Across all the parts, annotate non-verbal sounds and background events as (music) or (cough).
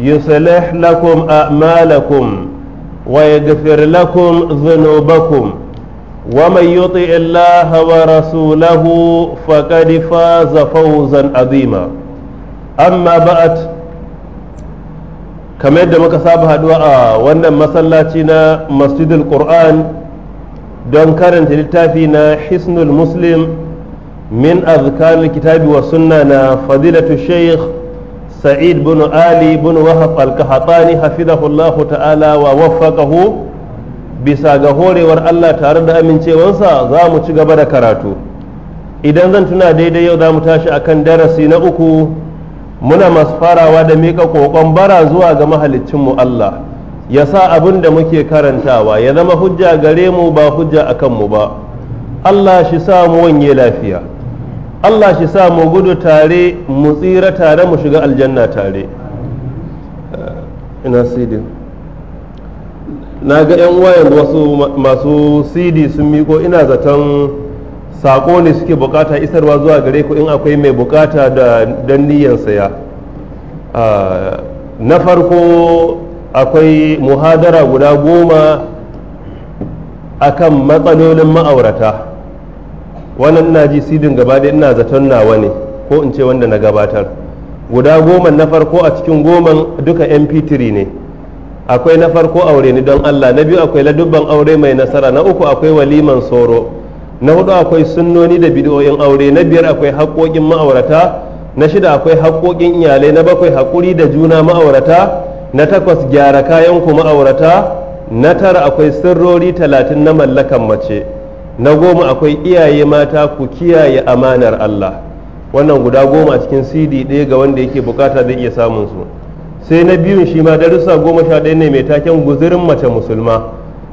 يصلح لكم أعمالكم ويغفر لكم ذنوبكم ومن يطع الله ورسوله فقد فاز فوزا عظيما أما بعد kamar yadda muka saba haduwa a wannan masallaci na masjidul qur'an don karanta littafi na hisnul muslim min azkarul kitabi wa na سعيد بن آلي بن وهب الكهطاني حفظه الله تعالى ووفقه bisa ga horewar Allah tare da amincewansa za mu ci gaba da karatu idan zan tuna daidai yau za mu tashi a kan darasi na uku muna masu farawa da miƙa ƙoƙon bara zuwa ga mahalicinmu Allah ya sa abun da muke karantawa ya zama hujja gare mu ba hujja akan mu ba Allah shi sa mu wanye lafiya Allah shi sa mu gudu tare mu tsira tare mu shiga aljanna tare ina sidi na ga 'yan uwa yanzu wasu masu sidi sun miko ina zaton saƙo ne suke bukata isarwa zuwa gare ku in akwai mai bukata da dan niyan saya na farko akwai muhadara guda goma akan matsalolin ma'aurata wannan ina ji sidin gaba dai ina zaton nawa ne ko in ce wanda na gabatar guda goma na farko a cikin goman duka mp3 ne akwai na farko aure ni don allah na biyu akwai ladubban aure mai nasara na uku akwai waliman soro na hudu akwai sunnoni da bidiyoyin aure na biyar akwai haƙoƙin ma'aurata na shida akwai haƙoƙin iyalai na bakwai haƙuri da juna ma'aurata na takwas gyara kayan ku ma'aurata na tara akwai sirrori talatin na mallakan mace na goma akwai iyaye mata ku kiyaye amanar Allah wannan guda goma a cikin cd ɗaya ga wanda yake bukata zai iya samun su sai na biyun shi ma darussa goma sha ɗaya ne mai taken guzurin mace musulma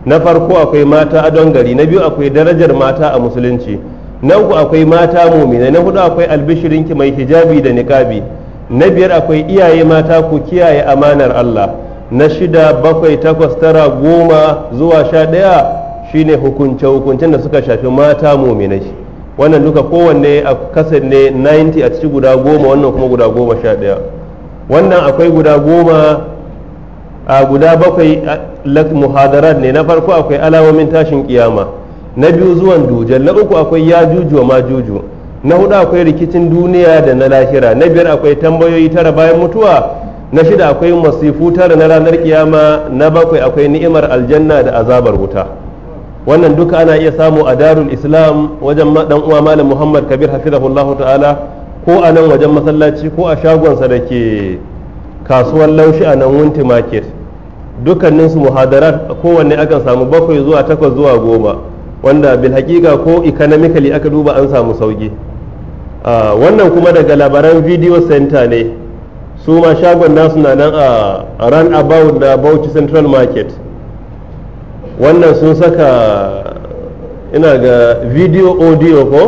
na farko akwai mata adon gari na biyu akwai darajar mata a musulunci na uku akwai mata mumina na hudu akwai albishirinki mai hijabi da niƙabi na biyar akwai iyaye mata ku kiyaye amanar Allah na shida bakwai takwas tara goma zuwa sha ɗaya shine hukunce hukuncen da suka shafi mata shi wannan duka kowanne a kasar ne 90 a ciki guda goma wannan kuma guda goma sha ɗaya wannan akwai guda goma a guda bakwai muhadarat ne na farko akwai alamomin tashin kiyama na biyu zuwan dujal na uku akwai ya juju ma juju na hudu akwai rikicin duniya da na lahira na biyar akwai tambayoyi tara bayan mutuwa na shida akwai masifu tara na ranar kiyama na bakwai akwai ni'imar aljanna da azabar wuta wannan duka ana iya samu a darul islam wajen dan uwa malam muhammad kabir hafizahullahu ta'ala ko a nan wajen masallaci ko a shagonsa da ke kasuwar laushi a nan wunti market dukkanin su muhadarat kowanne akan samu bakwai zuwa takwas zuwa goma wanda bil hakika ko economically aka duba an samu sauki wannan kuma daga labaran video center ne su ma shagon nasu na nan a run about da bauchi central market wannan sun saka ina ga video audio ko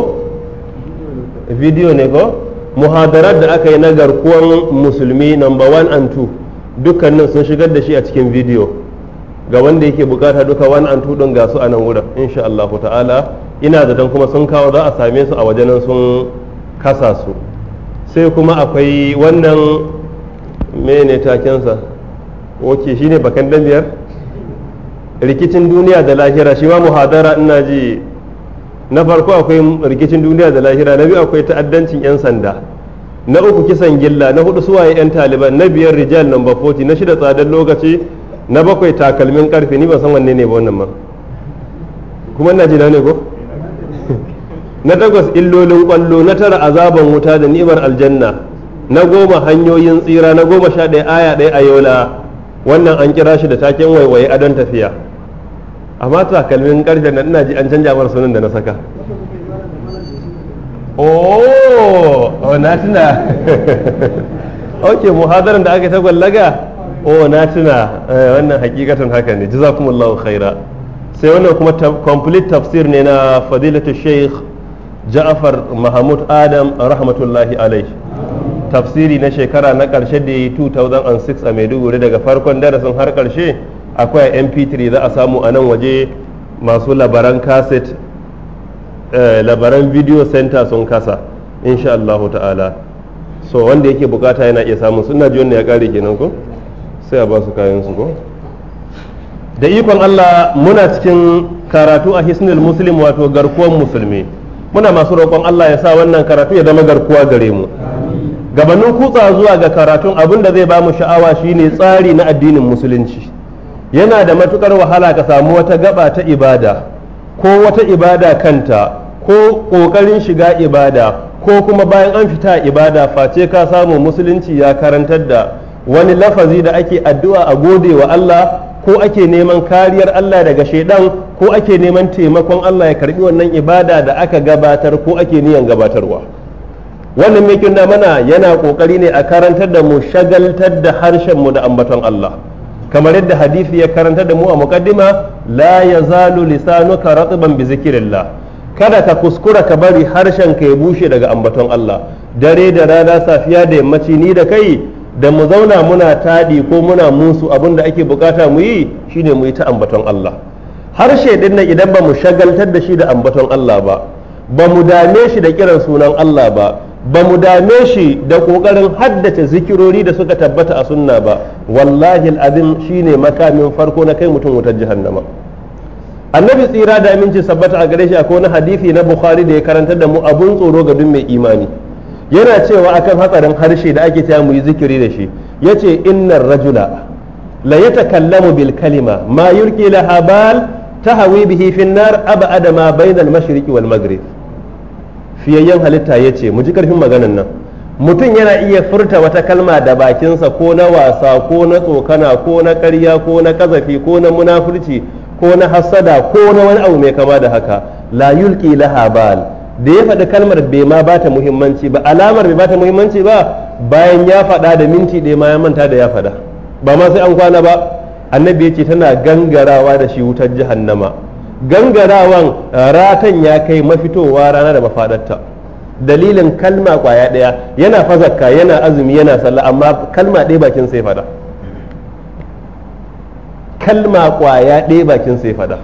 video ne ko muhadarar da aka yi na garkuwan musulmi number one and two dukkanin sun shigar da shi a cikin video ga wanda yake bukata duka one and two don gasu a nan wurin insha Allah ta'ala ina zaton kuma sun kawo za a same su a wajenan sun kasa su sai kuma akwai wannan mene takensa shi shine bakan dan biyar rikicin duniya da lahira shi ma muhadara ina ji na farko akwai rikicin duniya da lahira na biyu akwai ta'addancin 'yan sanda na uku kisan gilla na hudu suwaye 'yan taliban na biyar rijal number 40 na shida tsadar lokaci na bakwai takalmin karfe ni ban san wanne ne ba wannan ma kuma ina ji na ne ko (laughs) na takwas illolin kwallo na tara azaban wuta da ni'imar aljanna na goma hanyoyin tsira na goma sha ɗaya aya ɗaya a yola wannan an kira shi da taken waiwaye adon tafiya amma takalmin karshen na ina ji an canja mara sunan da na saka oh, oh na tuna (laughs) ok muhadaran da aka ta gwallaga oh na tuna eh, wannan hakikatan haka ne jazakumullahu khaira sai wannan kuma complete tafsir ne na fadilatu sheikh ja'afar mahmud adam rahmatullahi alaihi tafsiri na shekara na karshe da yi 2006 a maiduguri daga farkon darasin har karshe akwai mp3 za a samu a nan waje masu labaran kaset eh, labaran video center sun kasa insha Allahu ta'ala so wanda yake bukata yana iya samun suna ji wanda ya kare kenan ko sai a ba su kayan su ko da ikon Allah muna cikin karatu a hisnul muslim wato garkuwar musulmi muna masu roƙon Allah ya sa wannan karatu ya zama garkuwa gare mu gabanin kutsa zuwa ga karatun abinda da zai ba mu sha'awa shine tsari na addinin musulunci yana da matukar wahala ka samu wata gaba ta ibada ko wata ibada kanta ko ƙoƙarin shiga ibada ko kuma bayan an fita ibada face ka samu musulunci ya karantar da wani lafazi da ake addu'a a gode wa Allah ko ake neman kariyar Allah daga shaidan ko ake neman taimakon Allah ya karbi wannan ibada da aka gabatar ko ake niyan gabatarwa wannan da mana yana ƙoƙari ne a karantar da mu shagaltar da harshen mu da ambaton Allah. kamar yadda hadisi ya karanta da mu a muqaddima la yazalu lisanuka ratban bi zikrillah kada ka kuskura ka bari harshen ka ya bushe daga ambaton Allah dare da rana safiya da yammaci ni da kai da mu zauna muna tadi ko muna musu abin ake bukata mu yi shine mu yi ta ambaton Allah harshe din nan idan ba mu shagaltar da shi da ambaton Allah ba ba mu dame shi da kiran sunan Allah ba ba mu dame shi da ƙoƙarin haddace zikirori da suka tabbata a sunna ba wallahi al'azim shine makamin farko na kai mutum wutar jahannama annabi tsira da aminci sabbata a gare shi a wani hadisi na bukhari da ya karanta da mu abun tsoro ga duk mai imani yana cewa akan hatsarin harshe da ake cewa mu yi zikiri da shi yace innar rajula la yatakallamu bil kalima ma ta laha bal tahawi bihi fin nar abada bainal mashriqi wal maghrib fiyayyen halitta ya ce mu ji karfin maganan nan mutum yana iya furta wata kalma da bakinsa ko na wasa ko na tsokana ko na karya ko na kazafi ko na munafurci ko na hassada ko na wani abu mai kama da haka la yulki laha bal da ya faɗi kalmar bai ma ta muhimmanci ba alamar bai bata muhimmanci ba bayan ya faɗa da minti ɗaya ma ya manta da ya faɗa ba ma sai an kwana ba annabi ya tana gangarawa da shi wutar jahannama gangarawan eh, ratan ya kai mafitowa rana da mafadarta dalilin kalma kwaya daya yana fazakka yana azumi yana sallah amma kalma ɗaya bakin sai fada kalma kwaya ɗaya bakin sai fada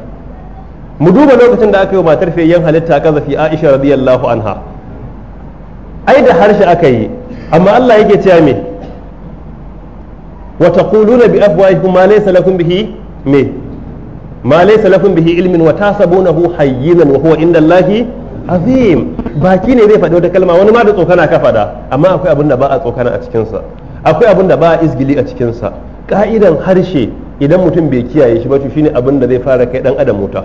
mu duba lokacin da aka yi wa matar fayyan halitta zafi aisha radiyallahu anha ai da harshe aka yi amma Allah yake cewa me wa taquluna bi afwahikum ma laysa lakum bihi me malai salafin lakum bihi ilmin wa tasabunahu hayyinan wa huwa inda Allahi azim baki ne zai faɗi wata kalma wani ma da tsokana ka faɗa amma akwai abin da ba a tsokana a cikinsa akwai abin da ba a izgili a cikinsa ka'idan harshe idan mutum bai kiyaye shi ba to shine abin da zai fara kai dan adam wuta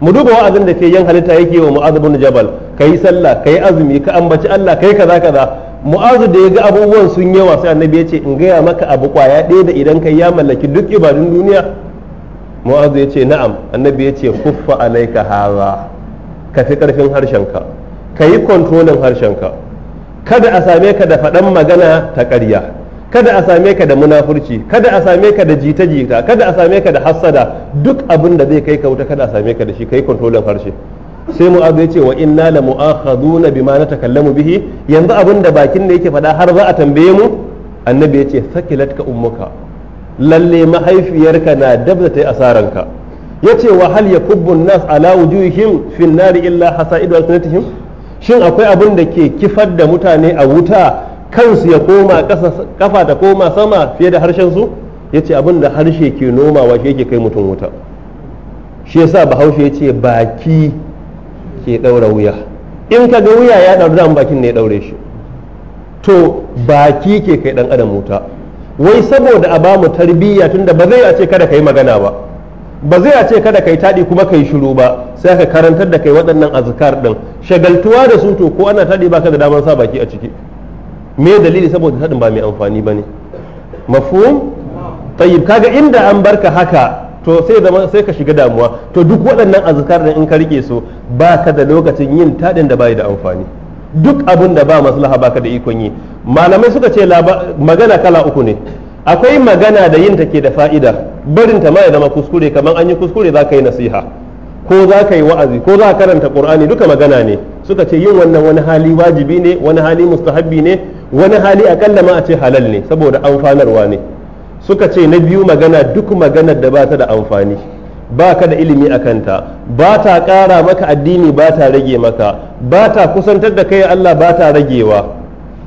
mu duba wa'azin da yan halitta yake wa mu'az ibn jabal kai sallah kai azumi ka ambaci Allah kai kaza kaza mu'azu da ya ga abubuwan sun yawa sai annabi ya ce in gaya maka abu kwaya ɗaya da idan kai ya mallaki duk ibadun duniya mu'azu ya ce na'am annabi ya ce kuffa alaika haza ka fi karfin harshenka ka yi kontrolin harshenka kada a same ka da faɗan magana ta ƙarya kada a same ka da munafurci kada a same ka da jita-jita kada a same ka da hassada duk abin da zai kai ka wuta kada a same ka da shi kai kontrolin harshe sai mu'azu ya ce wa inna la mu'akhaduna bima natakallamu bihi yanzu abin da bakin da yake faɗa har za a tambaye mu annabi ya ce sakilatka ummuka lalle mahaifiyarka na dab da ta yi asaranka ce wa hal kubbun nas ala wujuhihim fil nari illa hasaidu alsinatihim shin akwai abin da ke kifar da mutane a wuta kansu ya koma kafa ta koma sama fiye da harshen su yace abin da harshe ke nomawa shi yake kai mutum wuta shi yasa bahaushe yace baki ke daura wuya in ka ga wuya ya daura bakin ne ya daure shi to baki ke kai dan adam wuta wai saboda a bamu tarbiyya tunda ba zai a ce kada kai magana ba ba zai a ce kada kai taɗi kuma kai shiru ba sai aka karantar da kai waɗannan azkar din shagaltuwa da su to ko ana taɗi baka da damar sa baki a ciki me dalili saboda taɗin ba mai amfani bane mafhum tayyib kaga inda an barka haka to sai zama sai ka shiga damuwa to duk waɗannan azkar din in ka rike su ka da lokacin yin taɗin da bai da amfani duk abin da ba maslaha baka da ikon yi malamai suka ce magana kala uku ne akwai magana da yin take da fa'ida barin ta ma ya zama kuskure kamar an yi kuskure za ka yi nasiha ko za ka yi wa'azi ko za ka karanta qur'ani duka magana ne suka ce yin wannan wani hali wajibi ne wani hali mustahabbi ne wani hali akalla ma a ce halal ne saboda amfanarwa ne suka ce na biyu magana duk maganar da ba ta da amfani ba ka da ilimi a kanta ba ta ƙara maka addini ba ta rage maka ba ta kusantar da kai Allah ba ta ragewa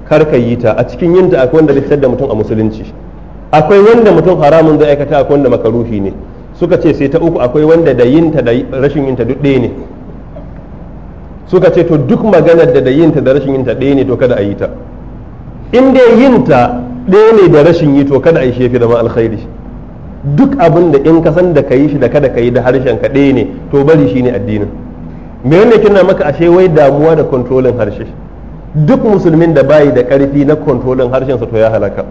kar ka yi ta a cikin yinta akwai wanda littar da mutum a musulunci akwai wanda mutum haramun zai aikata akwai wanda makaruhi ne suka ce sai ta uku akwai wanda da yinta da rashin yinta duk ɗaya ne suka ce to duk maganar da da yinta da rashin yinta ɗaya ne to kada a yi ta in dai yinta ɗaya ne da rashin yi to kada a yi shefi zama alkhairi duk abin da in kasan da ka yi shi da kada ka yi da harshen ka ɗaya ne to bari shi ne addinin me wanda kina maka ashe wai damuwa da kontrolin harshe duk musulmin da bayi da ƙarfi na kontrolin harshen sa to ya halaka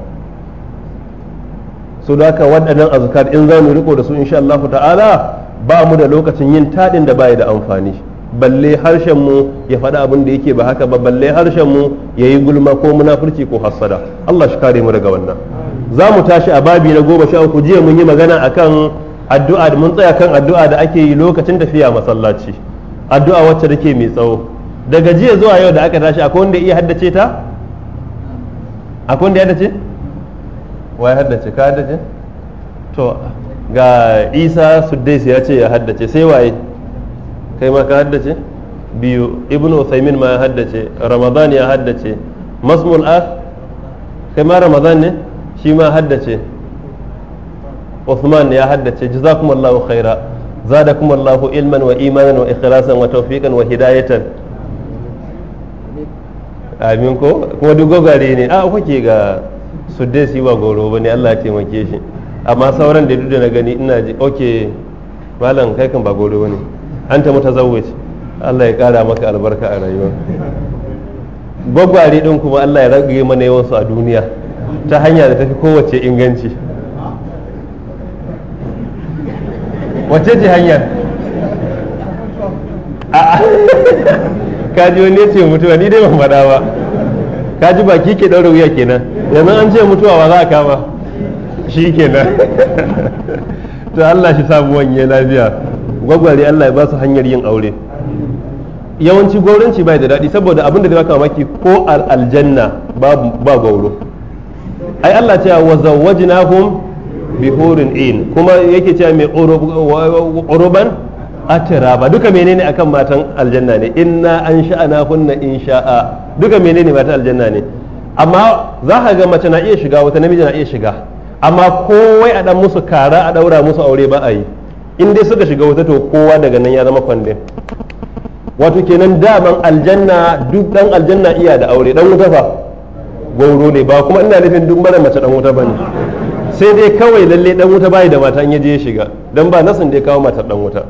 so da haka waɗannan azkar in za mu riko da su insha Allah ta'ala ba mu da lokacin yin taɗin da bayi da amfani balle harshen mu ya faɗi abin da yake ba haka ba balle harshen mu yayi gulma ko munafurci ko hassada Allah shi kare mu daga wannan za mu tashi a babi na goma sha uku jiya mun yi magana akan addu'a mun tsaya kan addu'a da ake yi lokacin tafiya masallaci addu'a wacce take mai tsawo daga jiya zuwa yau da aka tashi akwai wanda iya haddace ta akwai wanda ya haddace wai haddace ka haddace to ga isa suddais ya ce ya haddace sai waye kai ma ka haddace biyu ibnu uthaymin ma ya haddace ramadan ya haddace masmul ath kai ma ramadan ne shi ma haddace Usman ya haddace jazakumullahu khaira zadakumullahu ilman wa imanan wa ikhlasan wa tawfiqan wa hidayatan amin ko kuma duk gogare ne a ah, kuke ga sudde su ba goro bane Allah ya taimake shi amma sauran da duk da na gani ina ji okay malam kai kan ba goro bane anta mutazawwij Allah ya kara maka albarka a rayuwa gwagware din kuma Allah ya rage mana yawan su a duniya ta hanya da tafi kowace inganci wace ce hanyar kaji wani ya ce mutuwa ni dai ban faɗa ba kaji baki ke ɗaura wuya kenan yanzu an ce mutuwa ba za a kama shi kenan to Allah shi samu wanye lafiya gwagware Allah ya ba su hanyar yin aure yawanci gwauranci bai da daɗi saboda abin da zai baka mamaki ko aljanna ba gwauro. ai Allah ce wa zawwajnahum bihurin in kuma yake cewa mai uruban atiraba duka menene akan matan aljanna ne inna an sha'ana hunna insha'a duka menene matan aljanna ne amma za ka ga mace na iya shiga wata namiji na iya shiga amma kowai a dan musu kara a daura musu aure ba a yi in dai suka shiga wata to kowa daga nan ya zama kwandin wato kenan daman aljanna duk dan aljanna iya da aure dan wuta fa gauro ne ba kuma ina nufin duk mara mace dan wuta bane sai dai kawai lalle dan wuta bai da mata ya je shiga dan ba nasin dai kawo mata dan wuta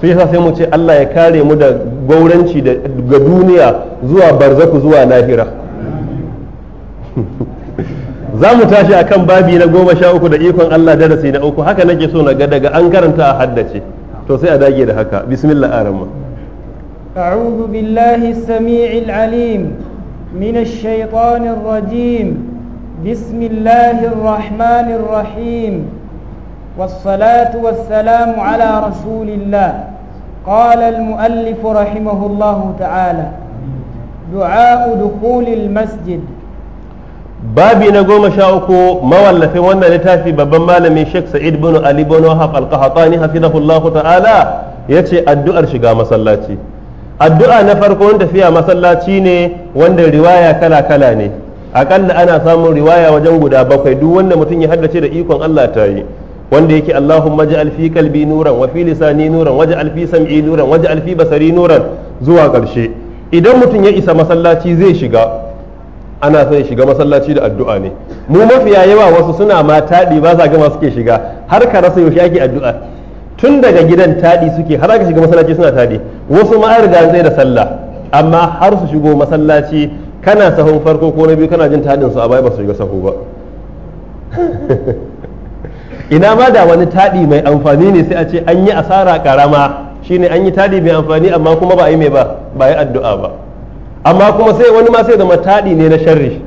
sai yasa sai mu ce Allah ya kare mu da gauranci ga duniya zuwa barzaku zuwa lahira (laughs) za mu tashi akan babi na goma sha uku da ikon Allah darasi na uku haka nake so na ga daga an karanta a haddace to sai a dage da haka bismillah arama أعوذ بالله السميع العليم من الشيطان الرجيم بسم الله الرحمن الرحيم والصلاة والسلام على رسول الله قال المؤلف رحمه الله تعالى دعاء دخول المسجد babi na goma sha uku mawallafin wannan littafi babban malamin sheikh sa'id bin ali bin wahab al-qahtani hafizahullahu ta'ala yace addu'ar shiga masallaci addu'a na farko tafiya masallaci ne wanda riwaya kala kala ne akalla ana samun riwaya wajen guda bakwai duk wanda mutum ya haddace da ikon Allah ta yi wanda yake Allahumma ja'al alfi kalbi nuran wa fi lisani nuran waje alfi sam'i nuran waje alfi basari nuran zuwa ƙarshe idan mutum ya isa masallaci zai shiga ana son ya shiga masallaci da addu'a ne mu mafiya yawa wasu suna ma taɗi ba sa gama suke shiga har ka rasa yaushe ake addu'a tun daga gidan taɗi suke har aka shiga masallaci suna taɗi wasu ma riga tsaye da sallah amma har su shigo masallaci kana sahun farko ko na biyu kana jin taɗin su a baya ba su shiga sahu ba (laughs) ina ma da wani taɗi mai amfani ne sai a ce an yi asara karama shine an yi taɗi mai amfani amma kuma ba a yi mai ba ba yi addu'a ba amma kuma sai wani ma sai ma taɗi ne na sharri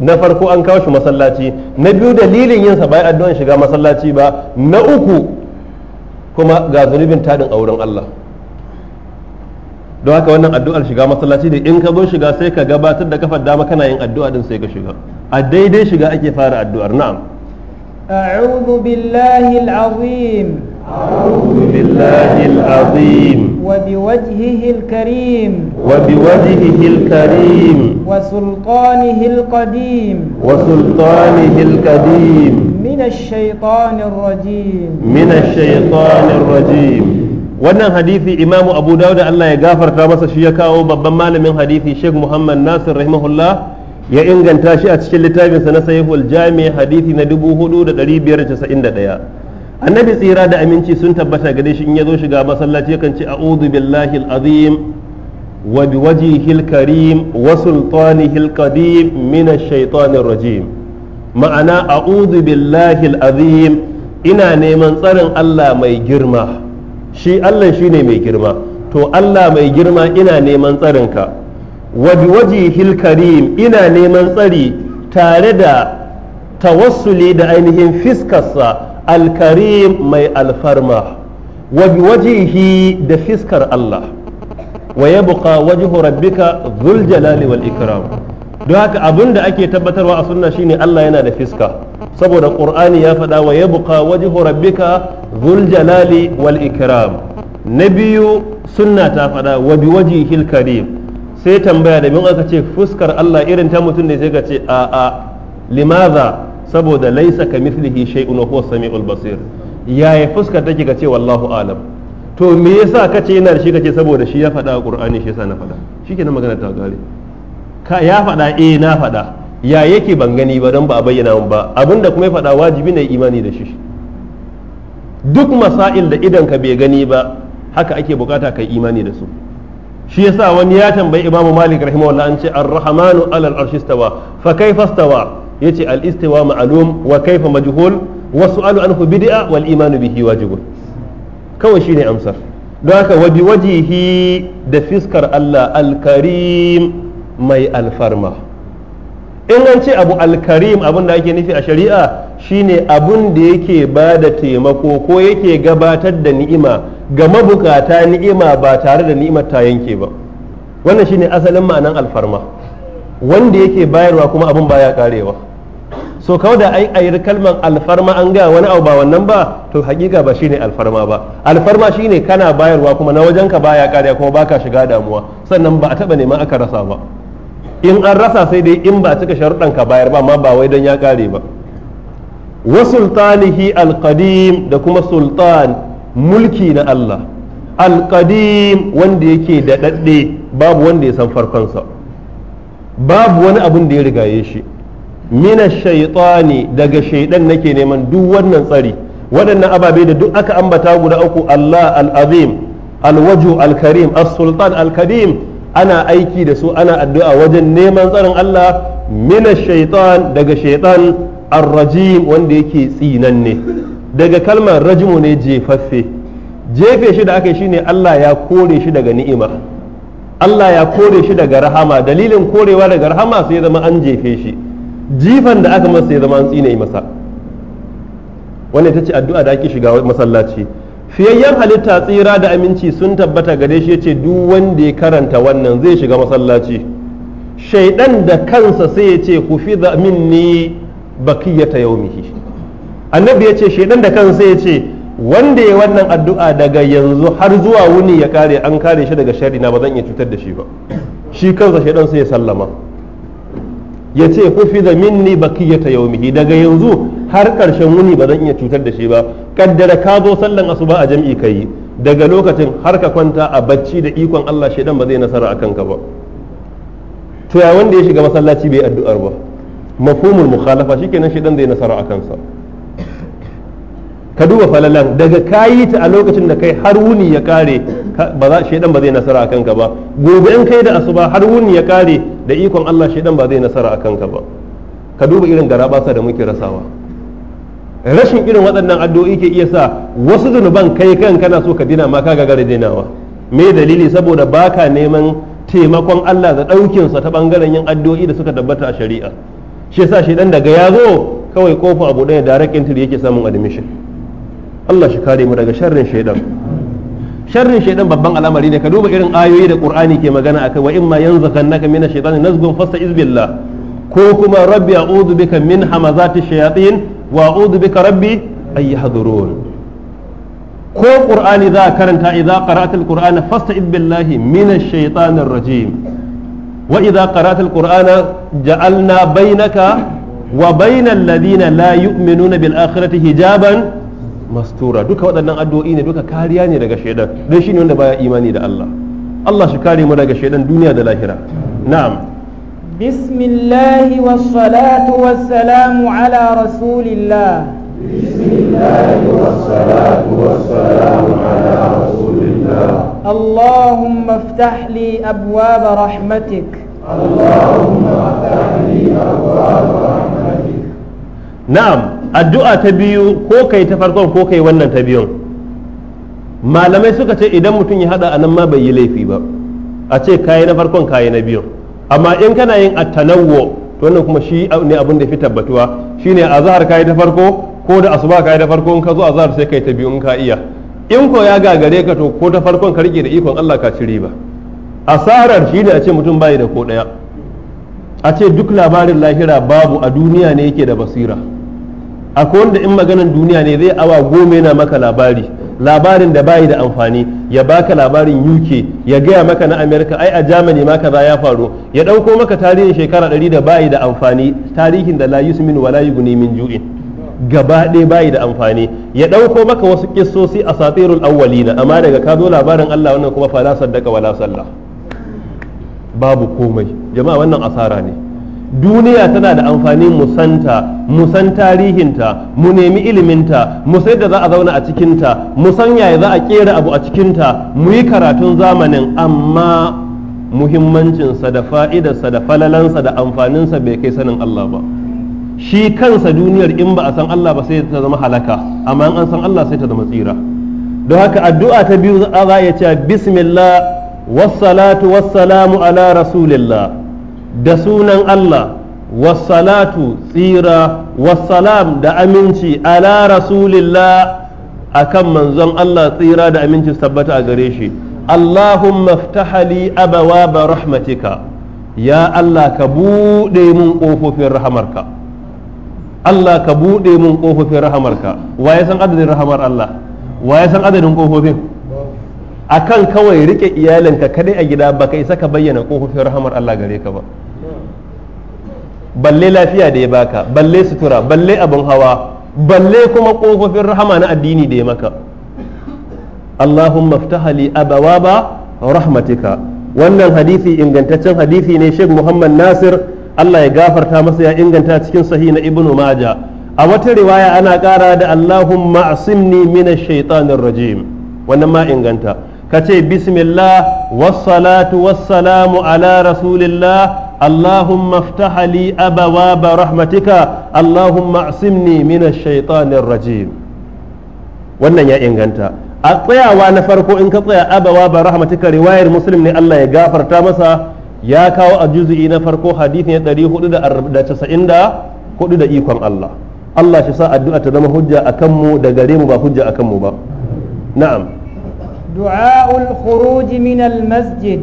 na farko an kawo shi masallaci na biyu dalilin yinsa ba yi addu'an shiga masallaci ba na uku kuma ga zunubin tadin wurin Allah don haka wannan addu'ar shiga masallaci da in ka zo shiga sai ka gabatar da kafar dama kana yin addu'a din sai ka shiga a daidai shiga ake fara addu'ar na'am a'udhu billahi al-azim أعوذ بالله العظيم وبوجهه الكريم وبوجهه الكريم وسلطانه القديم وسلطانه القديم من الشيطان الرجيم من الشيطان الرجيم wannan hadisi imamu abu dawud Allah ya gafarta masa shi ya kawo babban malamin hadisi sheikh muhammad nasir rahimahullah ya inganta shi a cikin littafinsa na sahihul jami hadisi na 4591 annabi tsira da aminci sun tabbata gare shi in ya zo shiga masallaci yakan ce a'udhu billahi al-azim wa biwajhihi karim wa sultanihi al-qadim min ash-shaytanir rajim ma'ana a'udhu billahi azim ina neman tsarin Allah mai girma shi Allah shine mai girma to Allah mai girma ina neman tsarinka ka biwajihil karim ina neman tsari tare da tawassuli da ainihin fiskarsa alkarim mai alfarma wa da fiskar Allah wa yabqa wajhu rabbika dhul jalali wal ikram don haka abin da ake tabbatarwa a sunna shine Allah yana da fiska saboda qur'ani ya faɗa wa yabqa wajhu rabbika dhul jalali wal ikram na biyu sunna ta faɗa wa bi karim sai tambaya da bin aka ce fuskar Allah irin ta mutum ne sai ka ce a a limaza saboda laisa ka mithlihi shay'un wa huwa samiul basir yaya fuskar take ka ce wallahu alam to me yasa kace yana da shi ce saboda shi ya faɗa qur'ani shi yasa na faɗa shikenan magana ta gare ka ya faɗa eh na faɗa ya yake ban gani ba don ba a bayyana mun ba abinda kuma ya faɗa wajibi ne imani da shi duk masail da idan ka bai gani ba haka ake bukata yi imani da su shi yasa wani ya tambayi imamu Malik rahimahullah an ce ar-rahmanu ala al-arshi istawa fa istawa yace al-istiwa ma'lum wa kayfa majhul wa su'alu anhu bid'a wal imanu bihi wajibun kawai shine amsar don haka wabi wajihi da fiskar Allah al-karim mai alfarma in an ce abu alkarim abin da ake nufi a shari'a shine abun da yake ba da taimako ko yake gabatar da ni'ima ga mabukata ni'ima ba tare da ni'imar ta yanke ba wannan shine asalin ma'anan alfarma wanda yake bayarwa kuma abun baya karewa so kawai da ai ayir kalmar alfarma an ga wani abu ba wannan ba to hakika ba shine alfarma ba alfarma shine kana bayarwa kuma na wajenka baya karewa kuma baka shiga damuwa sannan ba a taba neman aka rasa ba in an rasa sai dai in ba cika sharuɗan ka bayar ba amma ba wai don ya kare ba wa sultanihi alqadim da kuma sultan mulki na Allah alqadim wanda yake da dadde babu wanda ya san farkonsa babu wani abun da ya rigaye shi mina shaitani daga shaidan nake neman duk wannan tsari waɗannan ababe da duk aka ambata guda uku Allah al-azim al-waju al-karim as-sultan al-kadim ana aiki da su ana addu'a wajen neman tsarin Allah mina shaitan daga shaitan arrajim wanda yake tsinanne daga kalmar rajimu ne jefaffe jefe shi da aka yi shine Allah ya kore shi daga ni'ima Allah ya kore shi daga rahama dalilin korewa daga rahama sai zama an jefe shi jifan da aka masa sai zama an tsine masa wannan ita ce addu'a da ake shiga masallaci fiyayyen halitta tsira da aminci sun tabbata gare shi yace duk wanda ya karanta wannan zai shiga masallaci shaidan da kansa sai ya ce ku fi minni bakiyata yaumihi annabi ya ce shaidan da kansa ya ce wanda ya wannan addu'a daga yanzu har zuwa wuni ya kare an kare shi daga shari na ba zan iya cutar da shi ba shi kansa shaidan sai ya sallama ya ce ku fi ya bakiyata yaumihi daga yanzu har ƙarshen wuni ba zan iya cutar da shi ba kaddara ka zo sallan asuba a jam'i ka yi daga lokacin har ka kwanta a bacci da ikon Allah shaidan ba zai nasara a kanka ba to ya wanda ya shiga masallaci bai addu'ar ba mafhumul mukhalafa shikenan shaidan zai nasara a kansa ka duba falalan daga kayi ta a lokacin da kai har wuni ya kare ba za shaidan ba zai nasara a kanka ba gobe in kai da asuba har wuni ya kare da ikon Allah shaidan ba zai nasara a kanka ba ka duba irin garabasa da muke rasawa rashin irin waɗannan addu'o'i ke iya sa wasu zunuban kai kan kana so ka dina ma ka ga gare dinawa me dalili saboda baka neman taimakon Allah da sa ta bangaren yin addu'o'i da suka tabbata a shari'a shi yasa shi dan daga ya zo kawai kofa abu ɗaya direct entry yake samun admission Allah shi kare mu daga sharrin shaidan sharrin shaidan babban al'amari ne ka duba irin ayoyi da qur'ani ke magana akai wa imma yanzaghannaka minash shaitani nazghun fasta'iz billah ko kuma rabbi a'udhu bika min hamazati shayatin wa a'udhu bika rabbi an yahdurun ko ƙur'ani za a karanta idza qara'ta al-qur'ana fasta'id billahi minash shaitanir rajim wa idza qara'ta al-qur'ana ja'alna bainaka wa bainal ladina la yu'minuna bil akhirati hijaban mastura duka waɗannan addu'o'i ne duka kariya ne daga shaidan dan shine wanda baya imani da Allah Allah shi kare mu daga shaidan duniya da lahira na'am بسم الله والصلاة والسلام على رسول الله بسم الله والصلاة والسلام على رسول الله اللهم افتح لي أبواب رحمتك اللهم افتح لي أبواب رحمتك نعم addu'a ta biyu ko kai ta farkon ko kai wannan ta biyun malamai suka ce idan mutum ya hada a nan ma bai yi laifi ba a ce na farkon kayi na biyun amma in kana yin a tanawwu wannan kuma shi ne abin da fi tabbatuwa shine zahar kai ta farko ko da asuba kai ta farko in ka zo zahar sai kai ta biyu in ka iya in ko ya gagare ka to ko ta farkon ka rike da ikon Allah ka ci riba asarar shine a ce mutum bai da ko daya a ce duk labarin lahira babu a duniya ne yake da basira akwai wanda in maganar duniya ne zai awa goma yana maka labari labarin da bayi da amfani ya baka labarin UK ya gaya maka na America ai a Germany ma kaza ya faru ya dauko maka tarihin shekara 100 da bayi da amfani tarihin da la yusmin wa la min ju'in gaba ɗaya bayi da amfani ya dauko maka wasu kissosi a satirul awwalina amma daga ka zo labarin Allah wannan kuma fa fala saddaka wala sallah babu komai jama'a wannan asara ne duniya tana da amfani musanta musan tarihinta mu nemi iliminta mu sai da za a zauna a cikinta mu san yaya za a kera abu a cikinta mu yi karatun zamanin amma muhimmancinsa da fa'idarsa da falalansa da amfaninsa bai kai sanin Allah ba shi kansa duniyar in ba a san Allah ba sai ta zama halaka amma in an san Allah sai ta zama tsira don haka addu'a ta biyu za a ya ce bismillah wassalatu wassalamu ala rasulillah da sunan Allah wassalatu tsira wassalam da aminci ala rasulillah akan manzon Allah tsira da aminci tabbata a gare shi Allahumma ftahali ba rahmatika ya Allah ka buɗe mun ƙofofin rahamarka Allah ka buɗe mun ƙofofin rahamarka wa ya san adadin rahamar Allah wa ya san adadin ƙofofin akan kawai rike iyalinka kadai a gida baka isa ka bayyana kofofin rahamar Allah gare ka ba balle lafiya da ya baka balle sutura balle abin hawa balle kuma kofofin rahama na addini da ya maka Allahumma ftahali abawaba rahmatika wannan hadisi ingantaccen hadisi ne Sheikh Muhammad Nasir Allah ya gafarta masa ya inganta cikin sahi na Ibn Maja a wata riwaya ana kara da Allahumma asimni minash shaitanir rajim wannan ma inganta ka ce bismillah wassalatu wassalamu ala rasulillah اللهم افتح لي أبواب رحمتك اللهم اعصمني من الشيطان الرجيم wannan ya inganta a tsayawa na farko in ka tsaya abawa ba rahmatika riwayar muslim ne Allah ya gafarta masa ya kawo a juzu'i na farko hadisi ya 494 da ikon Allah Allah shi sa addu'a ta zama hujja akan mu da gare mu ba hujja akan mu ba na'am دعاء الخروج minal masjid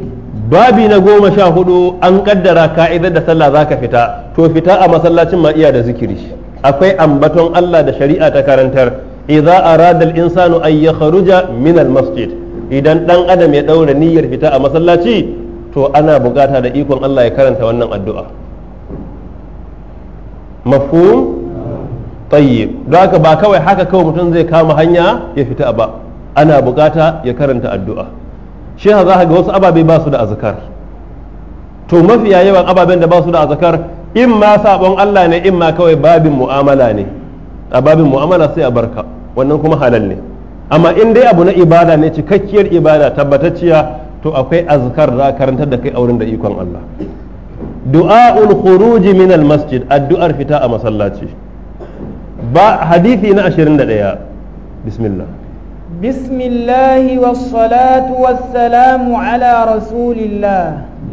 babi na goma sha hudu an kaddara ka'idar da sallah zaka fita to fita a masallacin ma iya da zikiri akwai ambaton Allah da shari'a ta karantar idza arada al-insanu an yakhruja min al-masjid idan dan adam ya daura niyyar fita a masallaci to ana bukata da ikon Allah ya karanta wannan addu'a mafhum tayyib don ba kawai haka kawai mutum zai kama hanya ya fita ba ana bukata ya karanta addu'a shi za ga wasu ababe ba su da azkar to mafiya yawan ababen da ba su da azkar in ma sabon Allah ne in ma kawai babin mu'amala ne a babin mu'amala sai a barka wannan kuma halal ne amma in dai abu na ibada ne cikakkiyar ibada tabbatacciya to akwai azkar za karantar da kai a wurin da ikon Allah du'a'ul khuruji min al masjid addu'ar fita a masallaci ba hadisi na 21 bismillah بسم الله والصلاة والسلام على رسول الله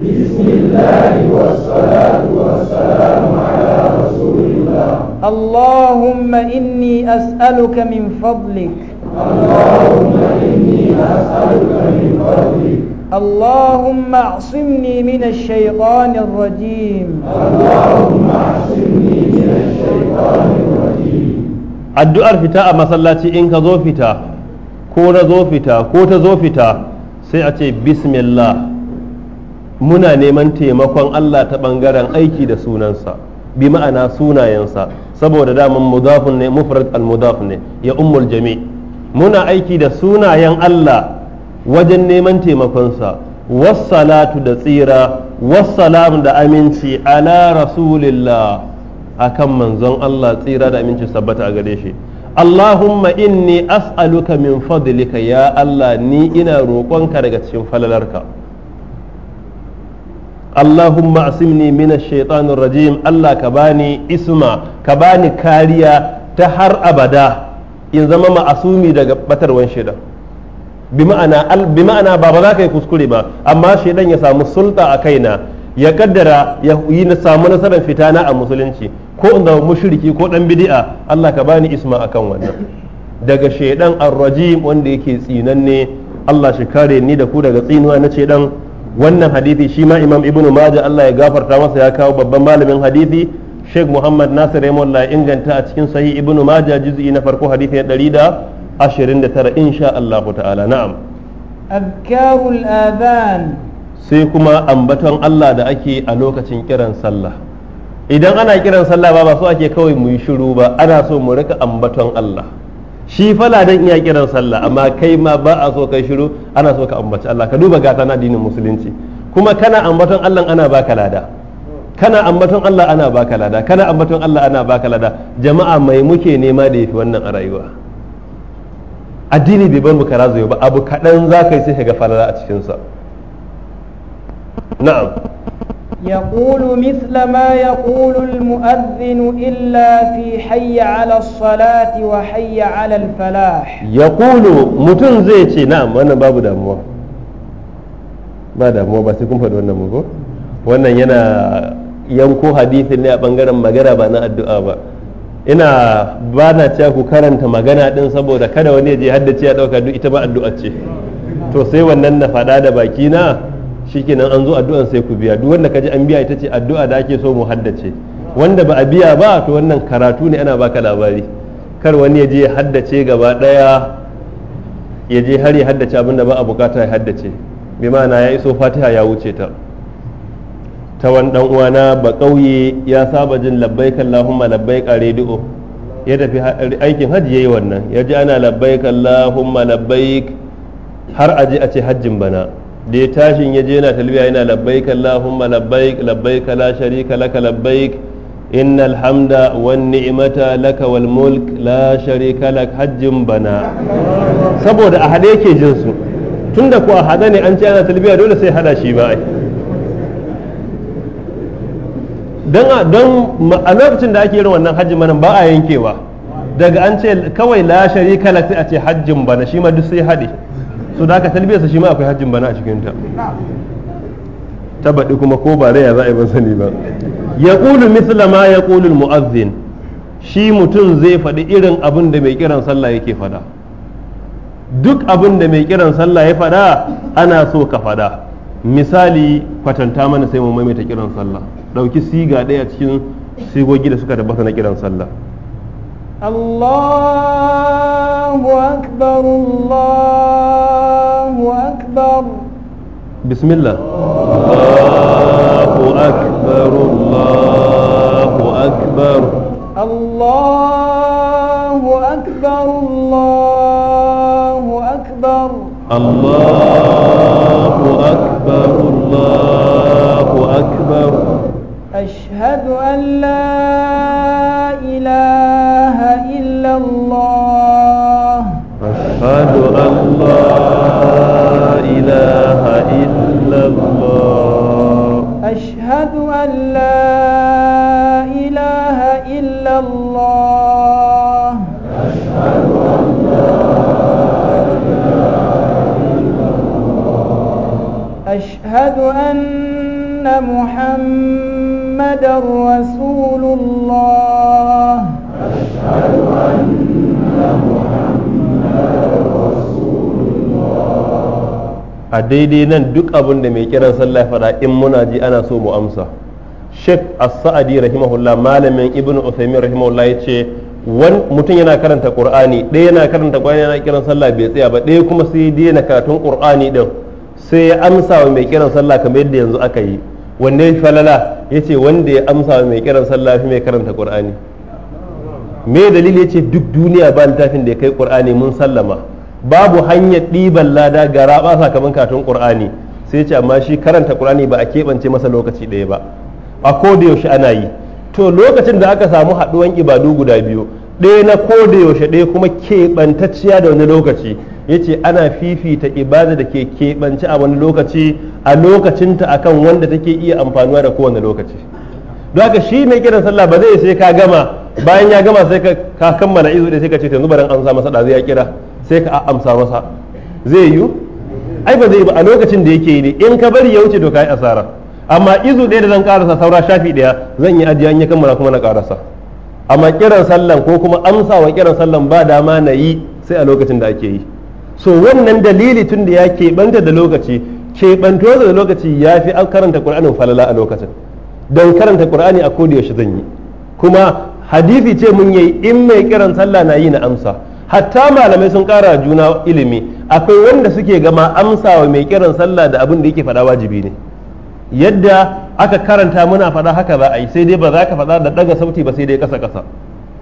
بسم الله والصلاة والسلام على رسول الله اللهم إني أسألك من فضلك اللهم إني أسألك من فضلك اللهم اعصمني من الشيطان الرجيم اللهم اعصمني من الشيطان الرجيم الدعاء فتاء مسلاتي إنك ذو فتاء ko na zo fita ko ta zo fita sai a ce bismillah muna neman taimakon Allah ta bangaren aiki da sunansa bi ma'ana sunayensa saboda daman mudafin ne mufrad al mudaf ne ya ummul jami muna aiki da sunayen Allah wajen neman taimakonsa wassalatu da tsira wassalamu da aminci ala rasulillah akan manzon Allah tsira da aminci sabbata a gare shi Allahumma inni as'aluka min fadlika ya Allah ni ina roƙonka daga cikin falalarka Allahumma asimni min ash-shaytanir rajim Allah ka bani isma ka bani kariya ta har abada in zama ma'asumi daga batarwan shaidan bi ma'ana ba ba za ka yi kuskure ba amma shaidan ya samu sulta a kaina ya kaddara ya yi samu nasarar fitana a musulunci ko in zama mushriki ko dan bid'a Allah ka bani isma akan wannan daga shaidan al-rajim wanda yake tsinanne Allah shi kare ni da ku daga tsinuwa na shaidan wannan hadisi shi ma Imam Ibn Majah Allah ya gafarta masa ya kawo babban malamin hadisi Sheikh Muhammad Nasir Rahimahullah inganta a cikin sahih Ibn Majah juz'i na farko hadisi na 129 insha Allah ta'ala na'am azkarul adhan sai kuma ambaton Allah da ake a lokacin kiran sallah idan ana kiran sallah ba ba so ake kawai mu yi shiru ba ana so mu rika ambaton Allah shi fala dan iya kiran sallah amma kai ma ba a so kai shiru ana so ka ambaci Allah ka duba gata na addinin musulunci kuma kana ambaton Allah ana baka lada kana ambaton Allah ana baka lada kana ambaton Allah ana baka lada jama'a mai muke nema da yafi wannan a rayuwa addini bai bar mu kara ba abu kaɗan za ka yi sai ka ga falala a cikin sa na'am يقول مثل ما يقول المؤذن إلا في حي على الصلاة وحي على الفلاح يقول متن زيتي نعم وانا باب دموع ba damuwa ba sai kun faɗi wannan mugo wannan yana yanko hadisi ne a ɓangaren magana ba na addu'a ba ina ba na cewa ku karanta magana ɗin saboda kada wani ya je haddace ya ɗauka duk ita ba addu'a ce to sai wannan na faɗa da bakina. shikenan an zo addu'an sai ku biya duk wanda kaji an biya ita ce addu'a da ake so mu haddace wanda ba a biya ba to wannan karatu ne ana baka labari kar wani ya je ya haddace gaba daya ya je har ya haddace abin da ba a bukata ya haddace bi ma'ana ya iso fatiha ya wuce ta ta wani dan uwana ba kauye ya saba jin labbaik allahumma labbaik ya tafi aikin hajji yayi wannan ya ji ana labbaik allahumma labbaik har aje a ce hajjin bana da ya tashin ya je na talbiya yana labbaik allahumma labbaik labbaik la sharika laka labbaik innal hamda wan ni'mata laka wal mulk la sharika lak hajjin bana saboda a hade yake jin su tunda ko a hada ne an ce ana talbiya dole sai hada shi ba ai dan don a lokacin da ake irin wannan hajjin bana ba a yankewa daga an ce kawai la sharika lak sai a ce hajjin bana shi ma duk sai hade su da haka talbiyarsa shi ma akwai hajjin bana a cikinta ta baɗi kuma ko ba raya za a yi ban sani ba ya ƙulu misla ma ya ƙulu mu'azzin shi mutum zai faɗi irin abin da mai kiran sallah yake faɗa duk abin da mai kiran sallah ya faɗa ana so ka faɗa misali kwatanta mana sai mu maimaita kiran sallah ɗauki siga ɗaya cikin sigogi da suka tabbata na kiran sallah الله أكبر الله أكبر بسم الله الله أكبر الله أكبر الله أكبر الله أكبر الله أكبر الله أكبر أشهد أن لا أشهد أن لا إله إلا الله أشهد أن لا إله إلا الله أشهد أن لا أشهد أن محمد رسول a daidai nan duk abin da mai kiran sallah faɗa in muna ji ana so mu amsa sheikh as-sa'adi rahimahullah malamin ibnu usaymin rahimahullah yace wani mutum yana karanta qur'ani ɗaya yana karanta qur'ani yana kiran sallah bai tsaya ba ɗaya kuma sai dai na karatun qur'ani din sai ya amsa wa mai kiran sallah kamar yadda yanzu aka yi wanne ya falala yace wanda ya amsa wa mai kiran sallah fi mai karanta qur'ani me dalili yace duk duniya ba littafin da ya kai qur'ani mun sallama babu hanyar ɗiban lada ga raba sakamakon katon ƙur'ani sai ce amma shi karanta ƙur'ani ba a keɓance masa lokaci ɗaya ba a koda yaushe ana yi to lokacin da aka samu haɗuwan ibadu guda biyu ɗaya na koda yaushe ɗaya kuma keɓantacciya da wani lokaci yace ana fifita ibada da ke keɓance a wani lokaci a lokacinta akan wanda take iya amfanuwa da kowane lokaci don haka shi mai kiran sallah ba zai sai ka gama bayan ya gama sai ka kammala izu da sai ka ce yanzu baran an sa masa zai ya kira sai ka amsa masa zai yi ai ba zai yi ba a lokacin da yake yi ne in ka bari ya wuce to ya asara amma izu ɗaya da zan karasa saura shafi ɗaya zan yi ajiya in ya kammala kuma na karasa amma kiran sallan ko kuma amsa wa kiran sallan ba dama na yi sai a lokacin da ake yi so wannan dalili tun da ya keɓanta da lokaci keɓantuwa da lokaci ya fi karanta ƙur'anin falala a lokacin don karanta ƙur'ani a kodiyar yaushe zan yi kuma hadisi ce mun yi in mai kiran sallah na yi na amsa hatta malamai sun kara juna ilimi akwai wanda suke gama amsawa mai kiran sallah da abin da yake fada wajibi ne yadda aka karanta muna fada haka za a yi sai dai ba za ka fada da daga sauti ba sai dai kasa kasa